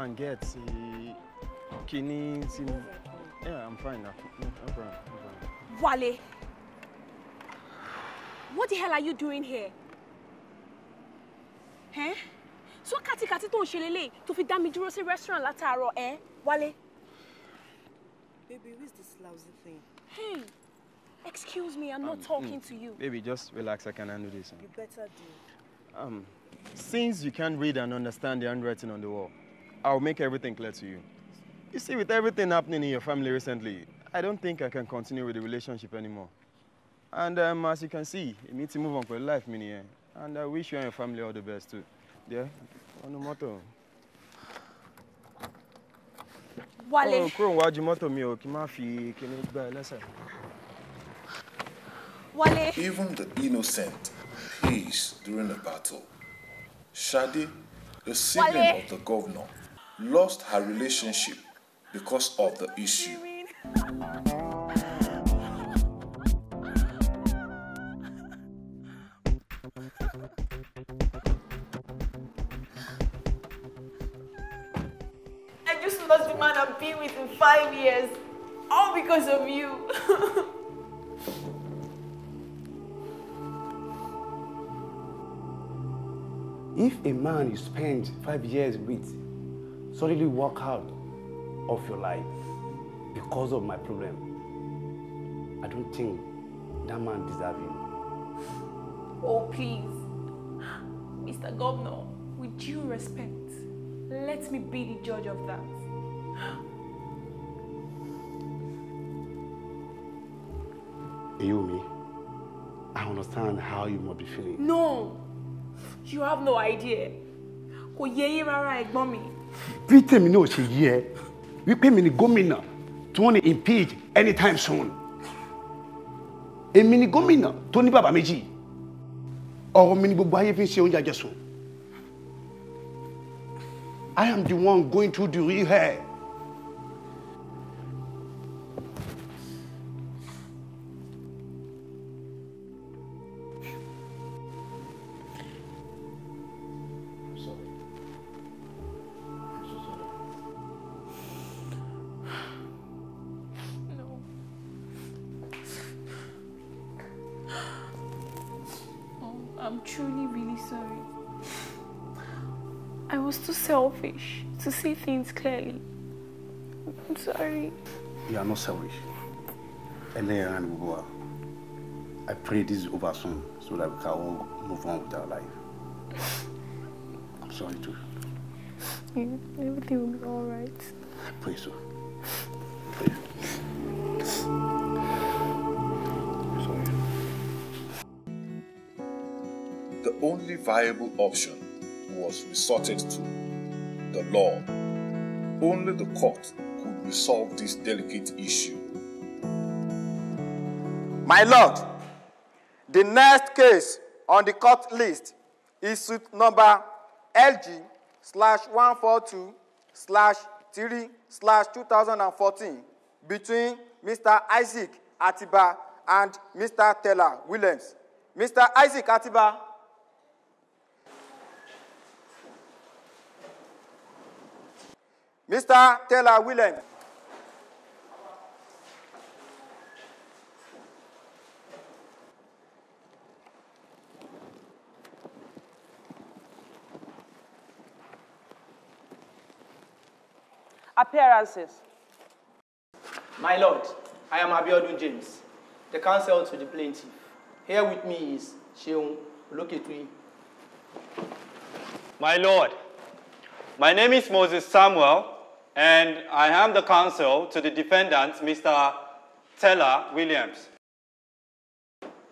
try and get kini ti mo. Yeah, I'm fine now. No, problem. No problem.
Wale, what the hell are you doing here? Eh? So kati kati to ṣe to tó fi dá restaurant lataro eh? Wale. Baby, who this lousy thing? Hey, excuse me, I'm um, not mm, talking mm, to you.
Baby, just relax. I can handle this. Huh?
You better do.
Um, since you can't read and understand the handwriting on the wall, I'll make everything clear to you. You see, with everything happening in your family recently, I don't think I can continue with the relationship anymore. And um, as you can see, it needs to move on for life, Mini. And I wish you and your family all the best too. Yeah? On the motto.
Wale. Oh, kúrò
níwájú mi o, fi
Wale. Even the innocent peace during the battle. Shadi, the sibling of the governor, lost her relationship because of the issue.
I just lost the man I've been with in five years, all because of you.
if a man you spend five years with suddenly walk out of your life because of my problem. I don't think that man
deserves
you. Oh, please. Mr. Governor, with due respect, let me be the judge of that.
Ayumi, I understand how you must be feeling.
No! You have no idea. Kò yẹ yín rárá
bí tèmi náà ṣe yí ẹ wípé mi ni gómìnà tí wọ́n ní impeach anytime soon èmi ni gómìnà tó ní bàbá méjì ọ̀rọ̀ mi ni gbogbo ayé fi ń ṣe oúnjẹ àjẹsùn I am the one going through the real hair.
see things clearly. I'm sorry.
You are not selfish. Elia and I pray this is over soon so that we can all move on with our life. I'm sorry too.
Yeah, everything will be alright. I pray so.
The only viable option was resorted to the law. Only the court could resolve this delicate issue. My Lord,
the next case on the court list is suit number LG slash 142 slash 3 slash 2014 between Mr. Isaac Atiba and Mr. Taylor Williams. Mr. Isaac Atiba Mr. Taylor William.
Appearances.
My Lord, I am Abiodun James, the counsel to the plaintiff. Here with me is Sheung Oloketui. My Lord, my name is Moses Samuel, and I am the counsel to the defendant, Mr. Teller Williams.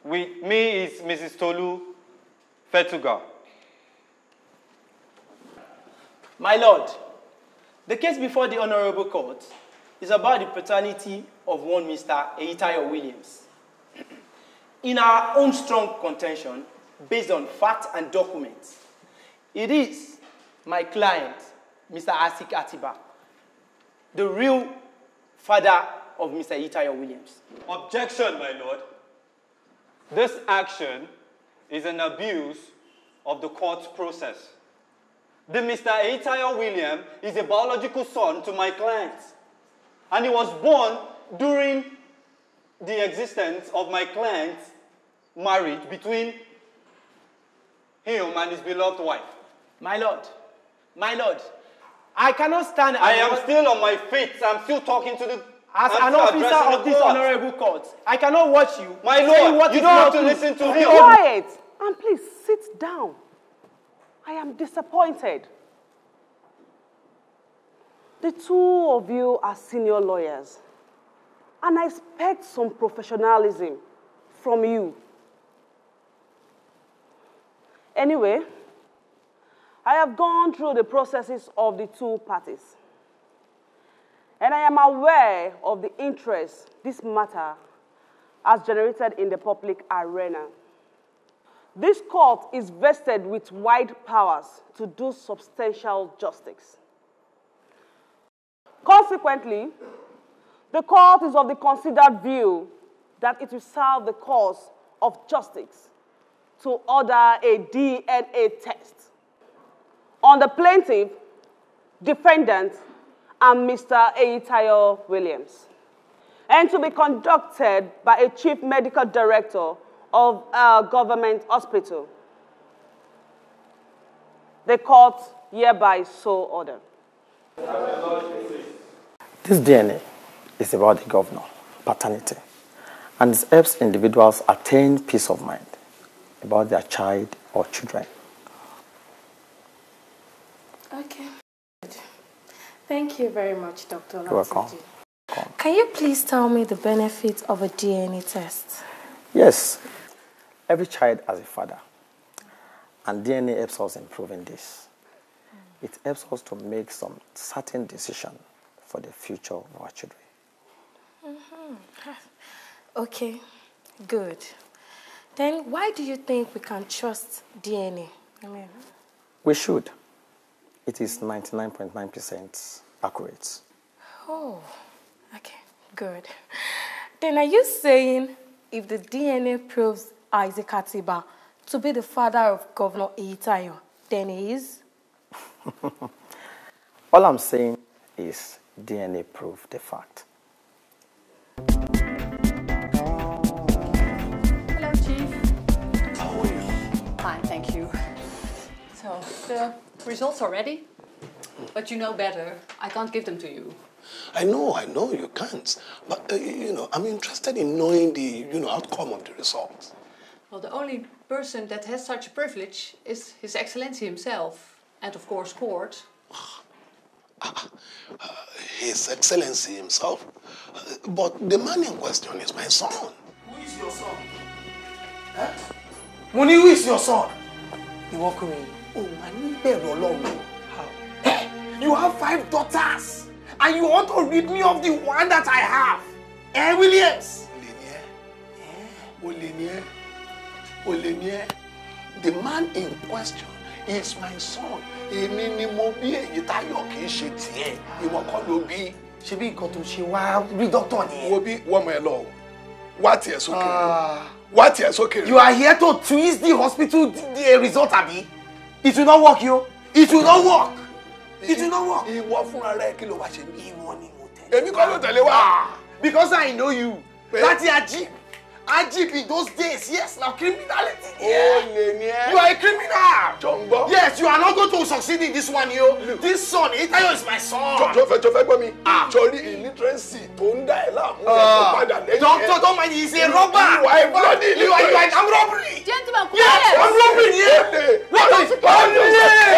With me is Mrs. Tolu Fetuga. My Lord, the case before the Honorable Court is about the paternity of one Mr. Eitayo Williams. In our own strong contention, based on fact and documents, it is my client, Mr. Asik Atiba, the real father of Mr. Itayo Williams. Objection, my lord. This action is an abuse of the court's process. The Mr. Itayo Williams is a biological son to my client, and he was born during the existence of my client's marriage between him and his beloved wife. My lord, my lord, I cannot stand. I am still on my feet. I'm still talking
to the. As I'm an officer of this court.
honorable court, I cannot watch you. My lord, what you don't have to listen to me. Quiet
and please sit down. I am disappointed. The two of you are senior lawyers, and I expect some professionalism from you. Anyway, I have gone through the processes of the two parties. And I am aware of the interest this matter has generated in the public arena. This court is vested with wide powers to do substantial justice. Consequently, the court is of the considered view that it will serve the cause of justice to order a DNA test on the plaintiff, defendant, and Mr. Eitayo Williams, and to be conducted by a chief medical director of a government hospital. The court hereby so order.
This DNA is about the governor, paternity, and it helps individuals attain peace of mind about their child or children.
Thank you very much, Dr. You're welcome. Can you please tell me the benefits of a DNA test?
Yes. Every child has a father, and DNA helps us in proving this. It helps us to make some certain decision for the future of our children.
Mm -hmm. Okay, good.
Then why do you think we can trust DNA? I mean,
we should. It is 99.9% accurate.
Oh, okay, good. Then are you saying if the DNA proves Isaac Atiba to be the father of Governor Eitayo, then he is?
All I'm saying is DNA prove the fact.
Hello, Chief. How are you? Fine, thank you. So, sir results already? But you know better. I can't give them to you.
I know, I know you can't. But, uh, you know, I'm interested in knowing the, you know, outcome of the results.
Well, the only person that has such a privilege is His Excellency himself. And, of course, court. Ah,
ah, uh, His Excellency himself? Uh, but the man in question is my son.
Who is your son?
Huh? Muni, who is your son? Iwakumi. o mà ní bẹ̀rù how? you have five daughters and you want to rid me of the one that I have. Eh Williams. olè ni ẹ eh. olè the man in question is my son èmi ni mo bí èyí táyọ̀ kì í ṣe tiẹ̀ ìwọ kọ́ ló bí. ṣe bí nǹkan tó ṣe wá rí dókítà nìyẹn. wo bí wọ́n mọ̀ ẹ́ lọ wá tiẹ̀ sókè ah. wá tiẹ̀ sókè. you are here to twist the hospital the result àbí it will not work yo it will not work it will not work. ìwọ fúnra rẹ kí ló wá ṣe ìwọ ni mo tẹ̀lé. èmi kọ́ ló tẹ̀lé wa. Ah. because I know you. láti ají IGP those days, yes, now criminality. Yeah. Oh, yeah. You are a criminal. Jongo. Yes, you are not going to succeed in this one, yo. Look. This son, Itayo is my son. Jọfẹ jọfẹ gbọ́ mi. Ah. illiteracy tó ń dá ẹ̀ láàmú ẹ̀ ah. padà lẹ́yìn ẹ̀. Doctor don't mind, he is a robber. You are a bloody illiterate. You are an armed robbery. Gentleman, kúrò lẹ̀. Yes, armed robbery ni ẹ. Lọ́dọ̀ sí kọ́ọ̀lì.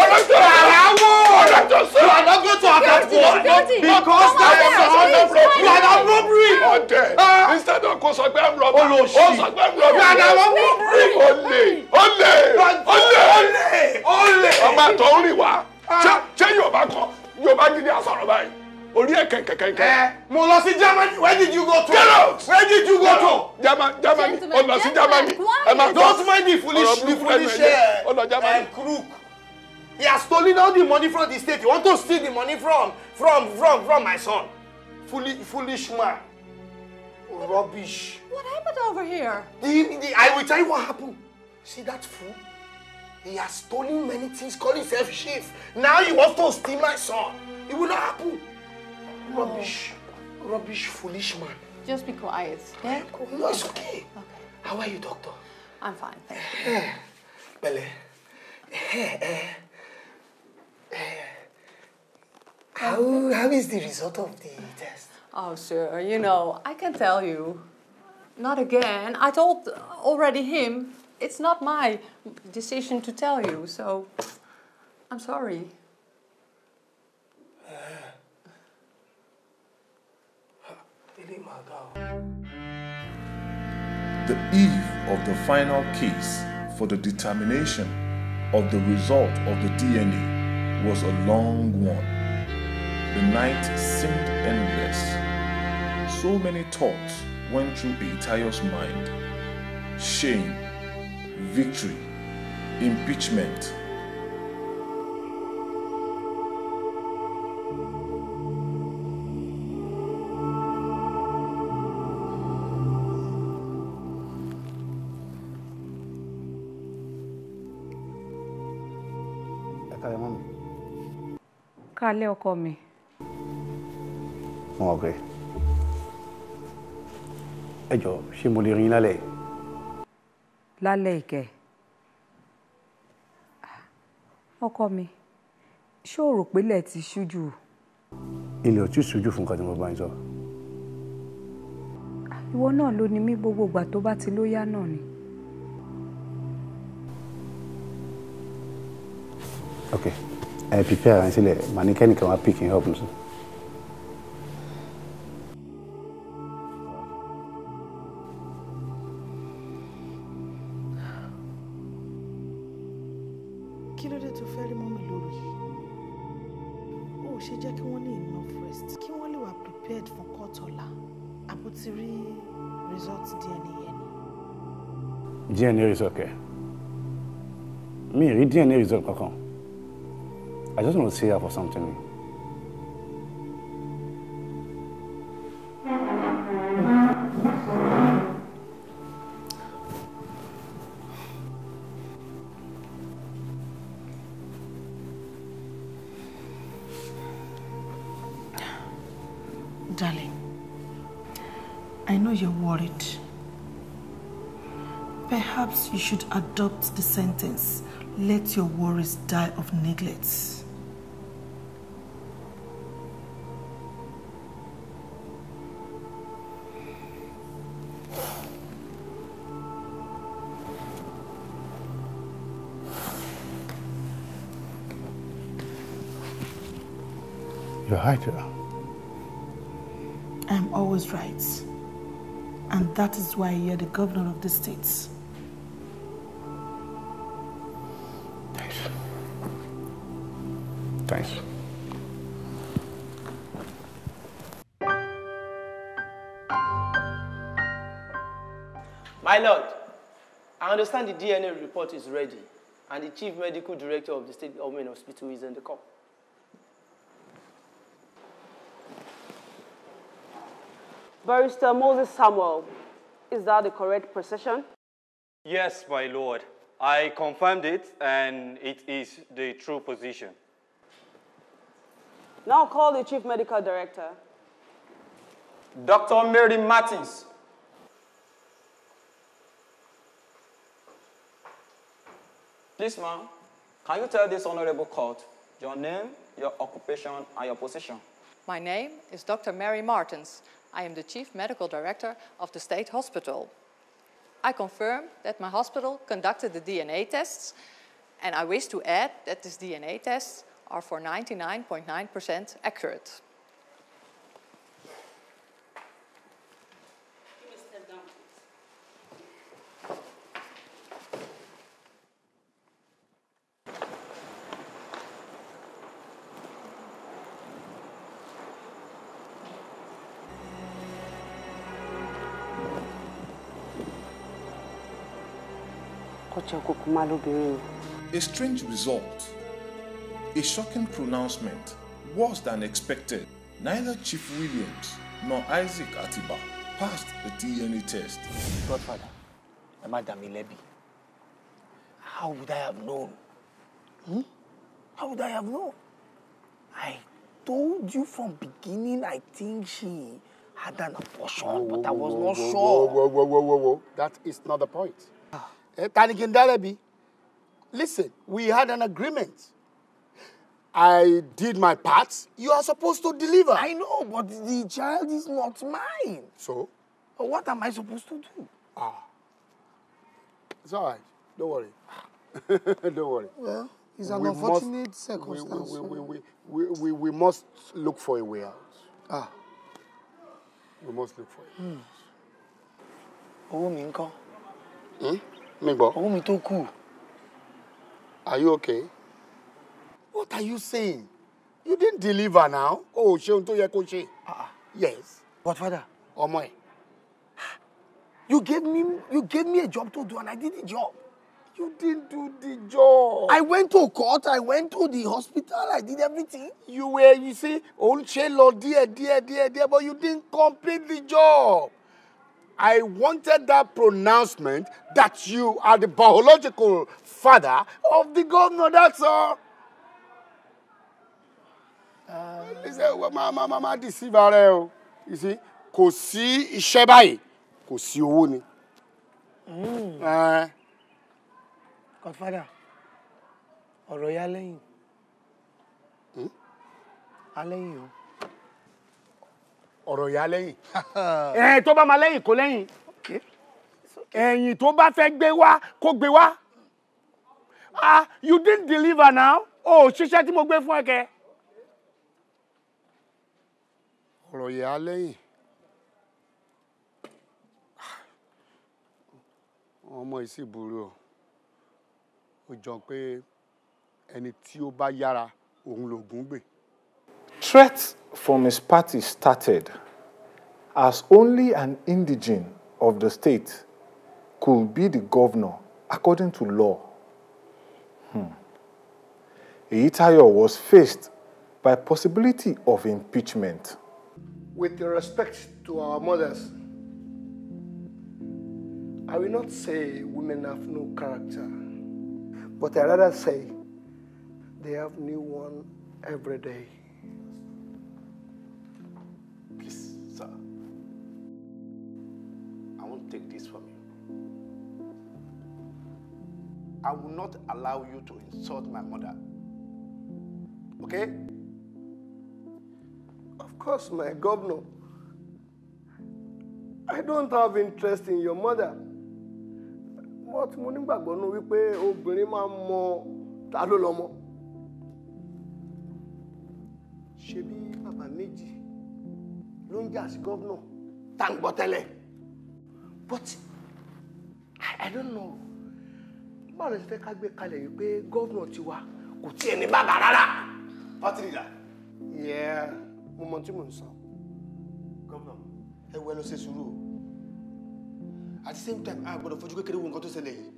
Ọlọ́dọ̀ àràwọ̀. Ọlọ́dọ̀ sọ. You are not going to account for it because that is a armed robbery. You are an armed robbery. Ọ̀dẹ̀. Ah. Mr. Dọ́kọ̀ sọ pé armed robbery òṣì. ó sọ pé mi ò ní àdáwọ̀ mú rí. olè olè olè olè. ọmọ àtọ̀ ń rìn wá ah. ṣé yorùbá kọ yorùbá gidi àsọ̀rọ̀ báyìí orí ẹ̀ kẹ̀kẹ̀kẹ̀kẹ̀. ẹ eh, mo lọ sí Germany where did you go to. get where did you go to. Germany Germany ó lọ sí Germany. ẹ máa don't mind the foolish the foolish ẹ eh, eh, crook. he has stolen all the money from the state he want to steal the money from from from from my son. foolish foolish man rubbish.
What happened over here?
The, the, I will tell you what happened. See that fool? He has stolen many things, called himself chief. Now he wants to steal my son. It will not happen. Oh. Rubbish.
Rubbish, foolish man. Just be quiet, yeah? No, it's okay. Okay. How are you, doctor? I'm fine, thank you. Bele.
Eh, eh, eh,
how, how is the result
of the test?
Oh, sure. You know, I can tell you. Not again. I told already him it's not my decision to tell you, so I'm sorry. The eve of the final case for the determination of the result of the DNA was a long one. The night seemed endless. So many thoughts went through a tireless mind shame, victory, impeachment.
Kálẹ̀ ọkọ mi.
Wọ́n ọ̀gbẹ́. Okay ẹ jọ ṣé mo lè rin lálẹ́.
lálẹ́ ìkẹ́ ọkọ mi ṣé o rò pé ilẹ̀ ti ṣú jù.
ilẹ̀ ò tí ì ṣú jù fún nǹkan tí mo bá ń sọ.
ìwọ náà ló ní mí gbogbo ìgbà tó bá ti lóyá náà ni.
ok
ẹ pípẹ́ ara ẹ sílẹ̀ màá ní kẹ́nìkan wá pick yín up nìyí.
kí ló dé tó fẹ́ rí mọ́mì lóru yìí ó ṣe jẹ́ kí wọ́n ní enough rest kí wọ́n lè wà prepared fún court ọ̀la àbó ti rí result DNA
yẹn ni. DNA result kẹ mi ì rí DNA result kankan I just want to see her for something.
adopt the sentence, let your worries die of neglect. You're right, you I'm always right. And that is why you're the governor of the states.
understand the DNA report is ready, and the chief medical director of the state government hospital is in
the call. Barrister Moses Samuel, is that the correct procession?
Yes, my lord. I confirmed it, and it is the true position.
Now call the chief medical director.
Dr. Mary Martins, Please, ma'am, can you tell this honorable court your name, your occupation, and your position?
My name is Dr. Mary Martins. I am the Chief Medical Director of the State Hospital. I confirm that my hospital conducted the DNA tests, and I wish to add that these DNA tests are for 99.9% percent accurate. a strange result a shocking pronouncement worse than expected neither Chief Williams nor Isaac Atiba passed the DNA test. Godfather ẹ má dà how would I have known
hmm? how would I have known I told you from beginning I think she had an abortion whoa, but I was whoa, not whoa, sure. Whoa, whoa, whoa, whoa, whoa, whoa, that is not the point. Eh, Tanigindalebi, listen, we had an agreement. I did my part. You are supposed to deliver. I know, but the child is not mine. So? what am I supposed to do? Ah. It's all right. Don't worry. Don't worry. Well, it's an we unfortunate must, circumstance. We, we, we, we, we, we, we must look for a way out. Ah. We must look for it.
Hmm. Owó mi ńkọ́?
Hmm? mi gbọ́. owó mi tó kù. are you okay? what are you saying? you didn't deliver now. o ò ṣe ohun tó yẹ kó ṣe. Ah, ah. yes. godfather. ọmọ ẹ. you gave me you gave me a job to do and I did the job. You didn't do the job. I went to court. I went to the hospital. I did everything. You were, you see, òun ṣe lọ díẹ̀ díẹ̀ díẹ̀ díẹ̀ but you didn't complete the job. I wanted that pronouncement that you are the biological father of the governor, that's all. Uh, He said, máa máa máa deceive ara ẹ o. You see, kò sí iṣẹ́ báyìí, kò sí owó ni. Hmm. Eh. Godfather, ọ̀rọ̀ yá lẹ́yìn. Alẹ́yìn hmm? o ọ̀rọ̀ ìyá lẹ́yìn ẹ̀ tó bá máa lẹ́yìn kó lẹ́yìn ẹ̀yìn tó bá fẹ́ gbé wá kó gbé wá ah you didn't deliver now o oh, ṣiṣẹ́ tí mo gbé fún ẹ kẹ. ọ̀rọ̀ ìyá lẹ́yìn ah, ọmọ yìí sì burú o ó jọ pé ẹni tí ó bá yára
òun lògùn gbè. threats from his party started as only an indigene of the state could be the governor according to law. Hmm. Eitayo was faced by possibility of impeachment.
With respect to our mothers, I will not say women have no character, but I rather say
they have new one
every day. Please, sir. I won't take this from you. I will not allow you to insult my mother. Okay? Of course, my governor. I don't have interest in your mother. But mo nígbàgbọ́ nu wípé obìnrin máa ń mọ ta ló lọ́mọ. Ṣebí bàbá méjì rangers governor tá ń gbọ́ tẹ́lẹ̀ but i, I don't know báwo ló ṣe fẹ́ ká gbé kalẹ̀ yìí pé governor tiwa
kò tiẹ̀ ní bàbá rárá.
party leader. yeah mo mọ tí mò ń sọ. governor ẹ wẹ lọ ṣe sùúrù o at the same time a gbọ́dọ̀ fojú kékeré wo nǹkan tó ṣẹlẹ̀ yìí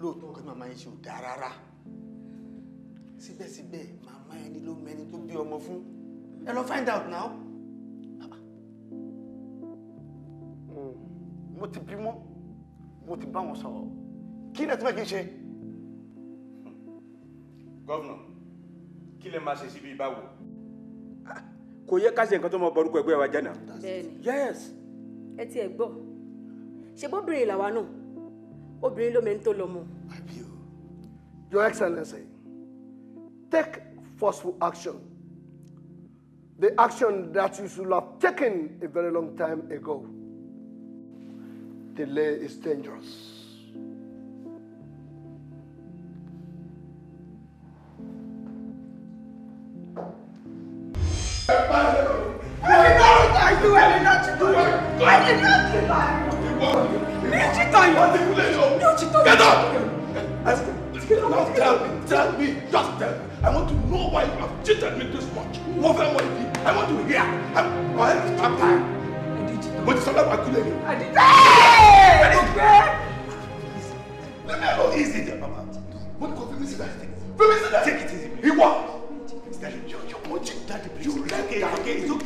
lóòótọ́ nǹkan tí màmá yẹn ṣe ò dáa rárá síbẹ̀síbẹ̀ màmá ẹni ló mẹni tó bí ọmọ fún ẹ lọ find out now. mo ti bímọ mo ti bá wọn sọ̀rọ̀ kí lẹ ti fẹ́ kí n ṣe. gọ́vnà
kí lẹ máa ṣe síbi ìbáwò. Ah, kò yẹ ká ṣe nǹkan tó mọ borúkọ ẹgbẹ́ wa jẹ́nà.
yes. ẹ ti ẹ̀ gbọ́ ṣe bóbìnrin làwa náà obìnrin ló mẹ́ni tó lọ́mọ. àbí your excellency
take forceful action the action that you should have taken a very long time ago delay is dangerous. Get up! Tell me, tell I want to know why you have cheated me this much. What I want to hear. I want to hear. I'm, I'm tired. I did. But it's not about I did.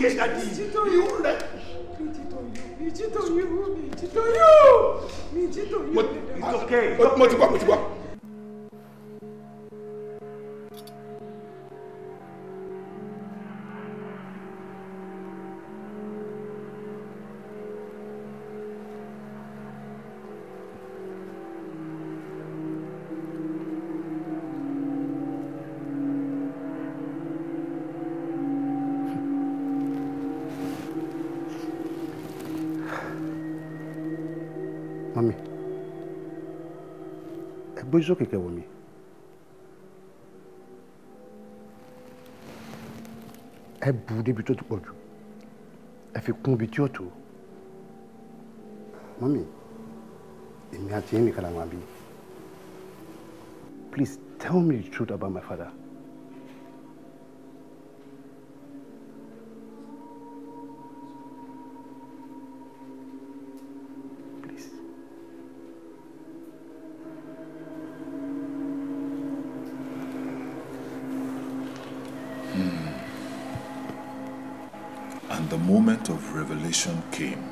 get that deed. You let. It's okay. Mo ti gbọ́, mo ti gbọ́. gbójú sókè kẹwò ẹ bù ú tó ti pọ̀ jù ẹ fi kún ibi tí ó tó mọ́mí èmi àti ẹ̀mí kan làwọn àbí please tell me the truth about my father.
came.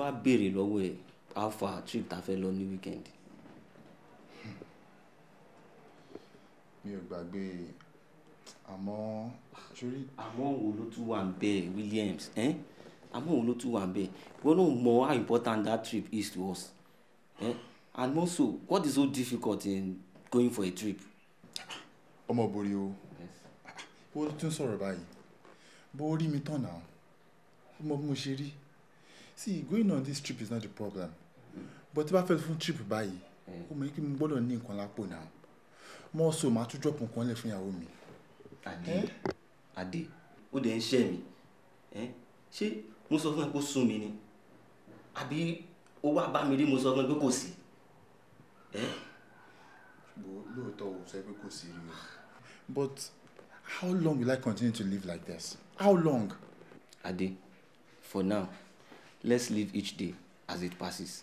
wá béèrè lọ́wọ́ ẹ̀ how far trip ta fẹ́ lọ ní weekend. mi ò gbàgbé e. àmọ́ sórí. àmọ́ òun ló tún wà ń Williams eh? àmọ́ òun ló tún wà ń bẹ we no mọ how important that trip is to us eh? and also what is so difficult in going for a trip. ọmọ borí o
ó tún sọ̀rọ̀ báyìí bó rí mi tán náà ó mo ṣe rí see going on this trip is not the problem but tí bá fẹ́ fún trip báyìí ó mọ̀ kí mo gbọ́dọ̀ ní nǹkan lápò náà mọ́ so màá tún drop nǹkan lẹ̀ fún ìyàwó mi.
àdé àdé eh? ó dẹ̀ ń ṣẹ́ mi eh? ṣé mo sọ fún ẹ kó sún mi ni àbí ó wá bá mi rí mo sọ fún ẹ pé kò sí.
Eh? lóòótọ́ ò sọ pé kò sí rí o. but how long will I continue to live like this? how long? àdé for
now let's live each day as it passes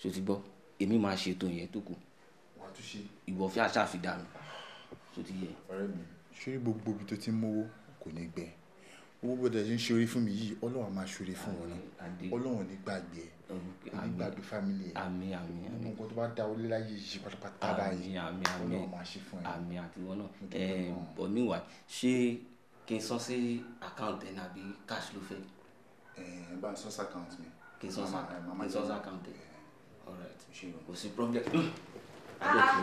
ṣe ti gbọ́ èmi máa
ṣètò yẹn tó kù ìwọ fi àṣà fi dànù ṣe ti yẹ. ọ̀rẹ́ mi ṣé gbogbo ibi tó ti ń mówó kò ní gbẹ owó gbọ́dọ̀ ṣe ń ṣoore fún mi yìí Ọlọ́run máa ṣoore fún wọn náà Ọlọ́run ní gbàgbé ẹ ní gbàgbé fámìlì ẹ àmín àmín àmín nǹkan tó bá da orí láyé yìí pátápátá báyìí Ọlọ́run máa ṣe fún àti wọn náà ẹ
bọ níwà ṣé kí n sọ sí àkáǹtì ẹ nàbí cash ló fẹ́. Eh, bá ń sọ́sà account mi. kì í sọ́sà kì í sọ́sà account ẹ̀ eh, alright kò sí problem. Ah, ah.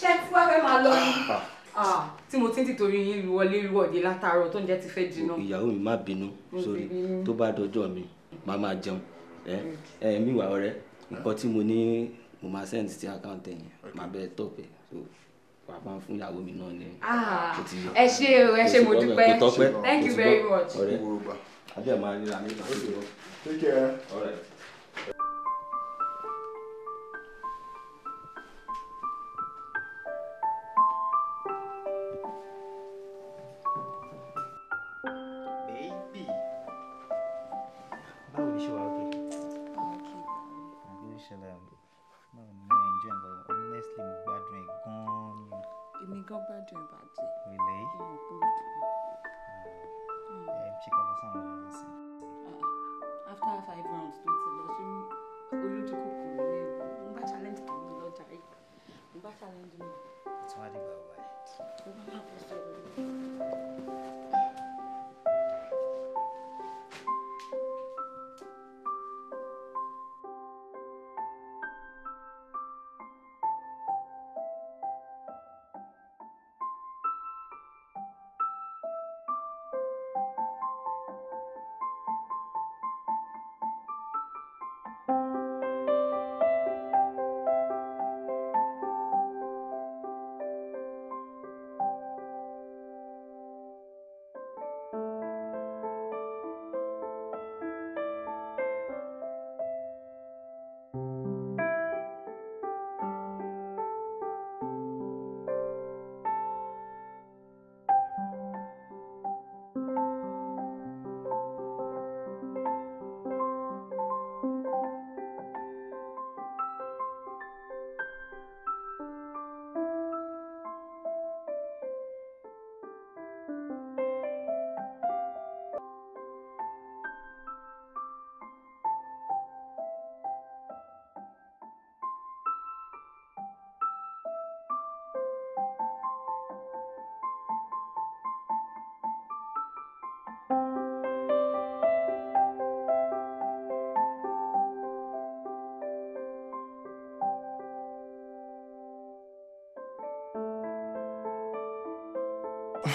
ṣé tí wàá fẹ́ máa lọ ni ah, tí mo ti ń tìtorí yín lu wọlé lu ọ̀dẹ látàárọ̀ tó ń jẹ́ ti fẹ́ jiná.
ìyàwó mi má bínú sórí tó bá dọjọ́ mi màá máa jẹun eh, mi wà ọ̀rẹ́ nǹkan tí mo ní mo máa send sí account ẹ̀yìn màá bẹ top ẹ̀ so wàá máa fún ìyàwó mi náà
Ah,
ẹ ṣé o ẹ ṣé mo dúpẹ́ thank you very much. ọ̀rẹ́
I did mine. You know what I
mean? Take care. All right.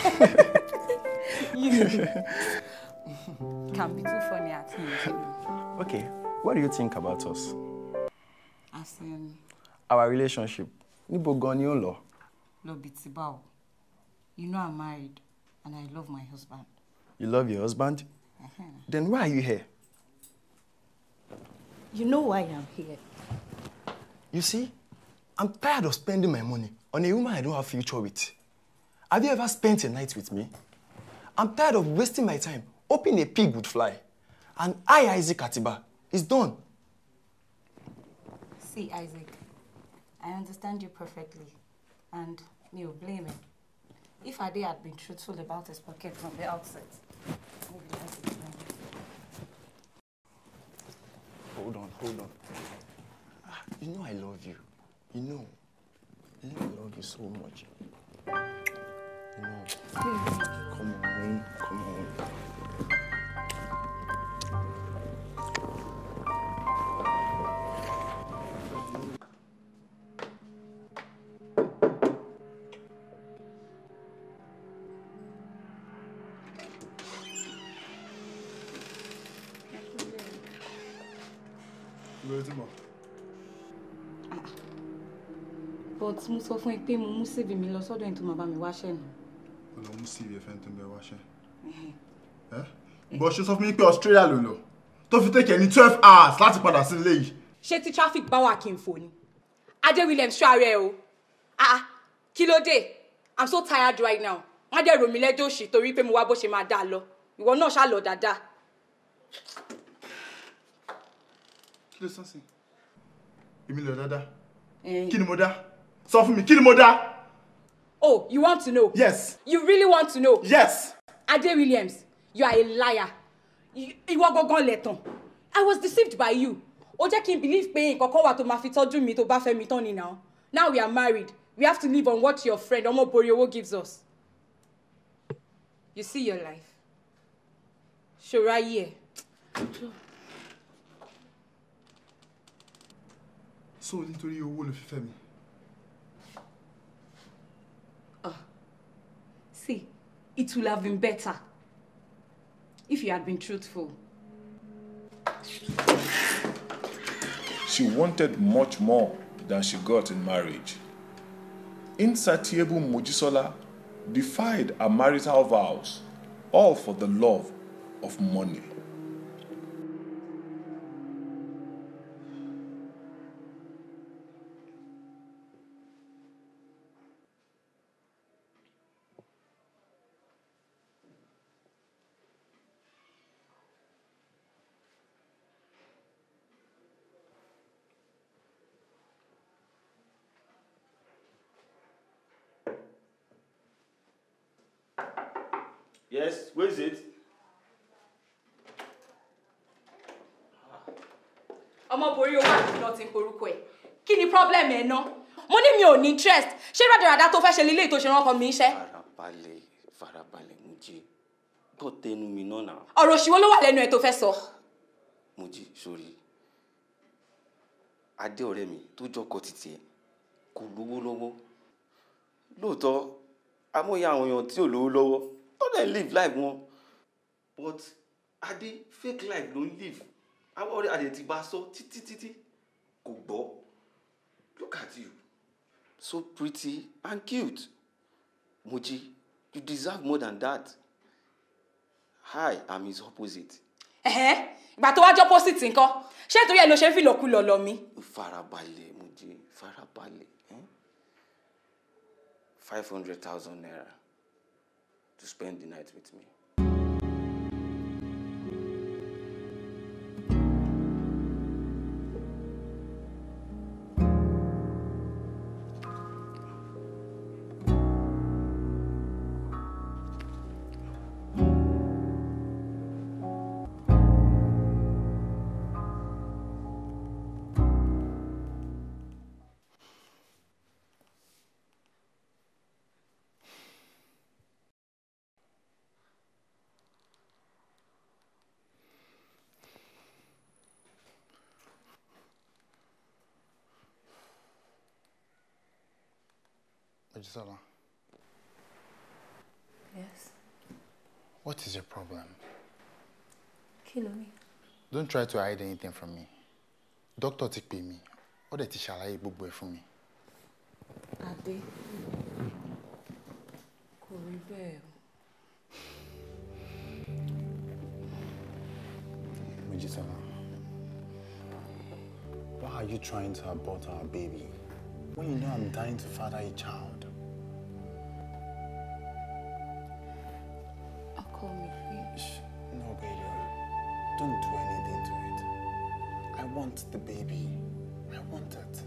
you can be too funny at times.
Okay, what do you think about us?
As in?
Our relationship. Níbo gan ni ó lọ?
Lọ You know I'm married and I love my husband.
You love your husband? Uh-huh. Then why are you here?
You know why I'm here.
You see, I'm tired of spending my money on a woman I don't have future with. Have you ever spent a night with me? I'm tired of wasting my time hoping a pig would fly. And I, Isaac Atiba, is done.
See, Isaac, I understand you perfectly. And you blame me. If Ade had been truthful about his pocket from the outset,
Hold on, hold on. Ah, you know I love you. You know. You know I love you so much.
You know. Come on, come
but mo sọ fún ẹ pé mo mú síbi mi lọ sọ́dọ̀ ẹni tó máa
o lọ mú cv ẹ tó ń bẹ wáṣẹ́ bó ṣe sọ fún mi pé Australia ló lọ tó fi tẹ̀kẹ̀ ní twelve hours láti padà sí ilé yìí.
ṣé tí traffic bá wà kí n fò ni adé Williams ṣọ́ ara o ah kí ló dé i'm so tired right now wọ́n dẹ̀ rò mí lẹ́jọ́ òṣì torí pé mo wá bó ṣe máa dá a lọ ìwọ náà ṣá lọ dáadáa.
kí ló sọ sí i èmi lọ dáadáa
kí ni mo dá sọ fún mi kí ni mo dá. Oh, you want to know? Yes. You really want to know? Yes. Ade Williams, you are a liar. Ìwọ gangan lẹ̀tàn. I was deceived by you. Ó jẹ́ kí n believe pé nǹkan kan wà tó fi tọ́jú mi to bá fẹ́ mi tán ni now. Now we are married. We have to live on what your friend Omobori Owo gives us. You see your life. Ṣòra yí ẹ̀.
So nítorí owó ló fi fẹ́ mi.
See, it would have been better if you had been truthful.
She wanted much more than she got in marriage. Insatiable Mojisola defied her marital vows, all for the love of money.
interest ṣé rádaràda tó fẹ́ ṣe lílé ètò ìṣẹ̀rán ọkọ mi iṣẹ́. farabalẹ̀ farabalẹ̀ Mují gbọ́ tẹnu mi náà náà. ọ̀rọ̀ òṣìwọ́ ló wà lẹ́nu ẹ̀ tó fẹ́ sọ.
Mují sórí adé ọ̀rẹ́ mi tó jọkọ̀ títì ẹ̀ kò lówó lọ́wọ́ lóòótọ́ amóye àwọn èèyàn tí ò lówó lọ́wọ́ tó lè live life wọn but adé fake life ló ń live àwọn ọ̀rẹ́ adé ti bá sọ títí títí kò gbọ́ look at you so pretty and cute. Muji. you deserve more than that. Hi, I'm his opposite.
Ẹ̀hẹ́, ìgbà tó wá jọ́ pósìtì nǹkan, ṣé ìtòrí ẹ̀ ló ṣe ń fìlọ̀kulọ̀ lọ mi?
Farabalẹ̀ Muji. farabalẹ̀. Five hundred thousand naira to spend the night with me.
Ejisola. Yes? What is your problem? Kill me. Don't try to hide anything from me. Doctor take pè mí. Ó dẹ̀ ti ṣàlàyé gbogbo
ẹ̀ fún mi. Adé. Kò
rí
Why are you trying to abort our baby? When you know I'm dying to father a child? want the baby. I want it.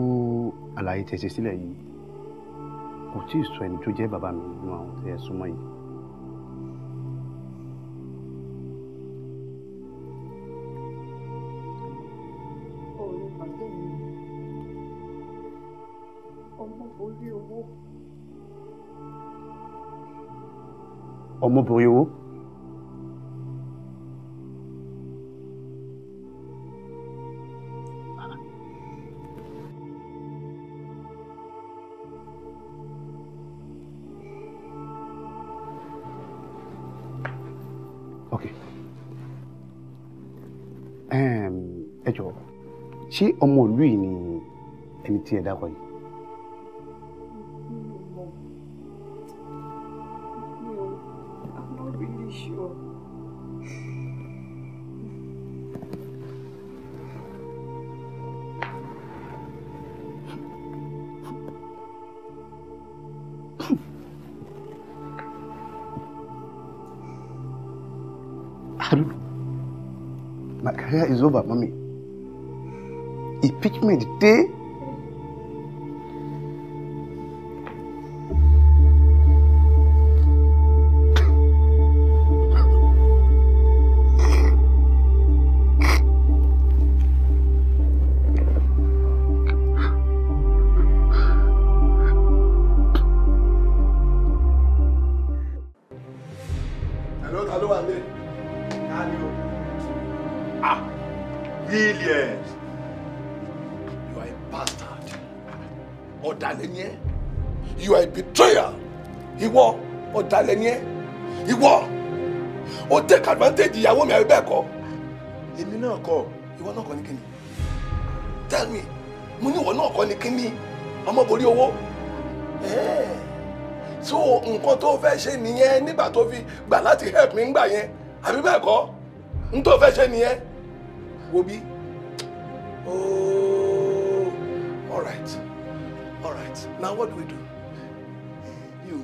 àlàyé tẹ̀sí sílẹ̀ yìí kò tí ì sọ ẹni tó jẹ́ bàbá mi nínú àwọn tẹ̀ súnmọ́ yìí. ọmọ borí owó. ne da kwai Haruna, my career is over, mommy. He picked me the day tó fi gbà láti help mi yẹn àbí bẹ́ẹ̀ kọ́ n tó fẹ́ ṣe nìyẹn bí ooo oh, all right all right now what do we do o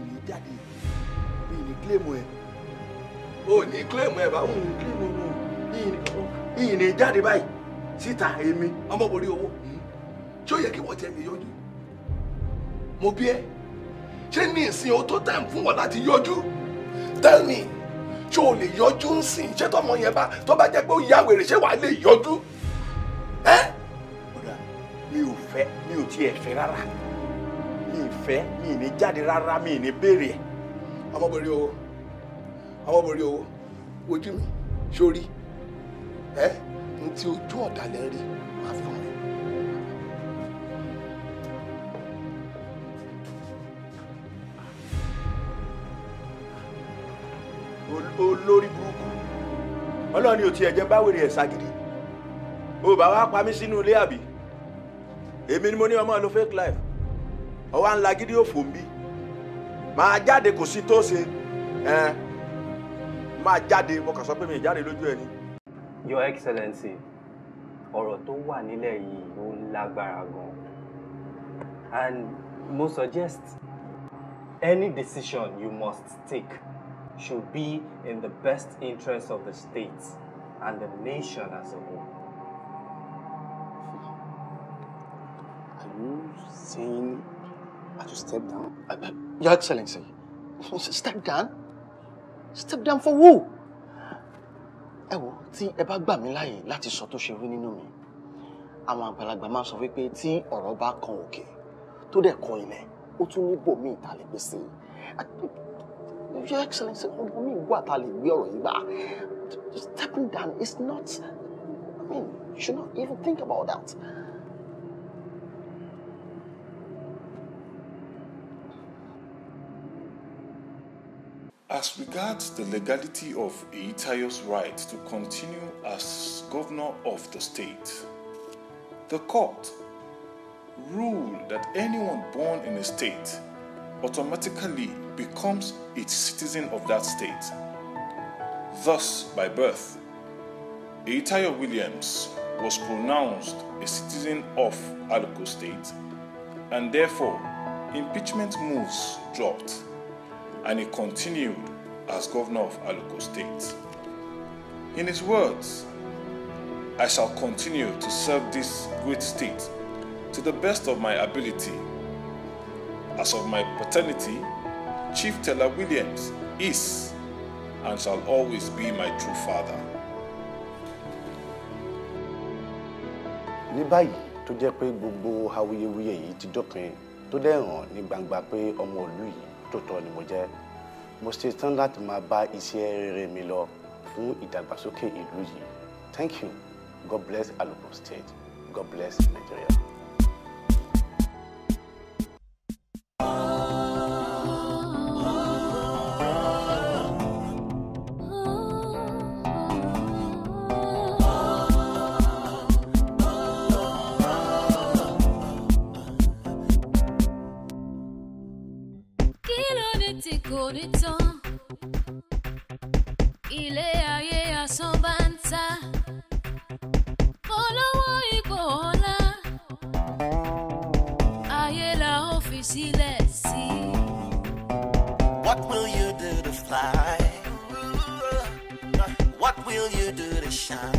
ò ní kílèmù ẹ báwo ní kílèmù ẹ ìyìn ní jáde báyìí síta èmi ọmọbìnrin owó hmm? ṣé ó mo fún tell me ṣé o lè yọjú ń sìn ṣé tọmọ yẹn bá tó bá jẹ́ pé ó ya wèrè ṣé wàá lè yọjú ẹ́. kódà mi ò fẹ́ mi ò tiẹ̀ fẹ́ rárá mi ì fẹ́ mi ì ní jáde rárá mi ì ní béèrè ẹ̀. ọmọbìnrin o ọmọbìnrin o ojú mi ṣorí ẹ n ti ojú ọ̀dàlẹ̀ rí olórí burúkú ọlọ́run ò tiẹ̀ jẹ́ báwèrè ẹ̀ ságídí o bá wa pa mí sínú ilé àbí èmi ni mo ní ọmọ lo fake life ọwọ́ ńlá gidi ò fò ń bí
máa jáde kò sí tó ṣe ẹ máa jáde mo kàn sọ pé mi ì jáde lójú ẹ ni. Your Excellency ọ̀rọ̀ tó wà nílẹ̀ yìí ó lágbára gan and mo suggest any decision you must take should be in the best interest of
the state and the nation as a whole. Are you saying I have to step down? Uh, Your Excellency, step down?
Step down for who?
Ẹ wo tí ẹ bá gbà mí láàyè láti sọ tó ṣe rí nínú mi. Àwọn àgbàlagbà ti ń sọ wípé tí ọ̀rọ̀ bá kan òkè tó dẹ̀ kan ilẹ̀ ó tún ní bòmíì ìtàlẹ́gbèsè.
Your Excellency, omi ìwà ta
Stepping down is not, I mean, you should not even think about that.
As regards the legality of Itayo's right to continue as governor of the state, the court ruled that anyone born in a state automatically becomes a citizen of that state. Thus, by birth, Eitayo Williams was pronounced a citizen of Aluko State, and therefore impeachment moves dropped, and he continued as governor of Aluko State. In his words, I shall continue to serve this great state to the best of my ability. As of my paternity, Chief Teller Williams is and shall always be my true father. ní báyìí
tó jẹ́ pé gbogbo awuyewuye yìí ti dópin tó dẹ̀ hàn ní gbangba pé ọmọ ìlú yìí tó tọ́ ni mo jẹ́ mo ṣe tán láti máa bá iṣẹ́ rere mi lọ fún ìdàgbàsókè ìlú yìí thank you god bless Alupon state god bless
Nigeria.
Ile aye Olowo Aye la ofisi
What will you do to fly? What will you do to shine?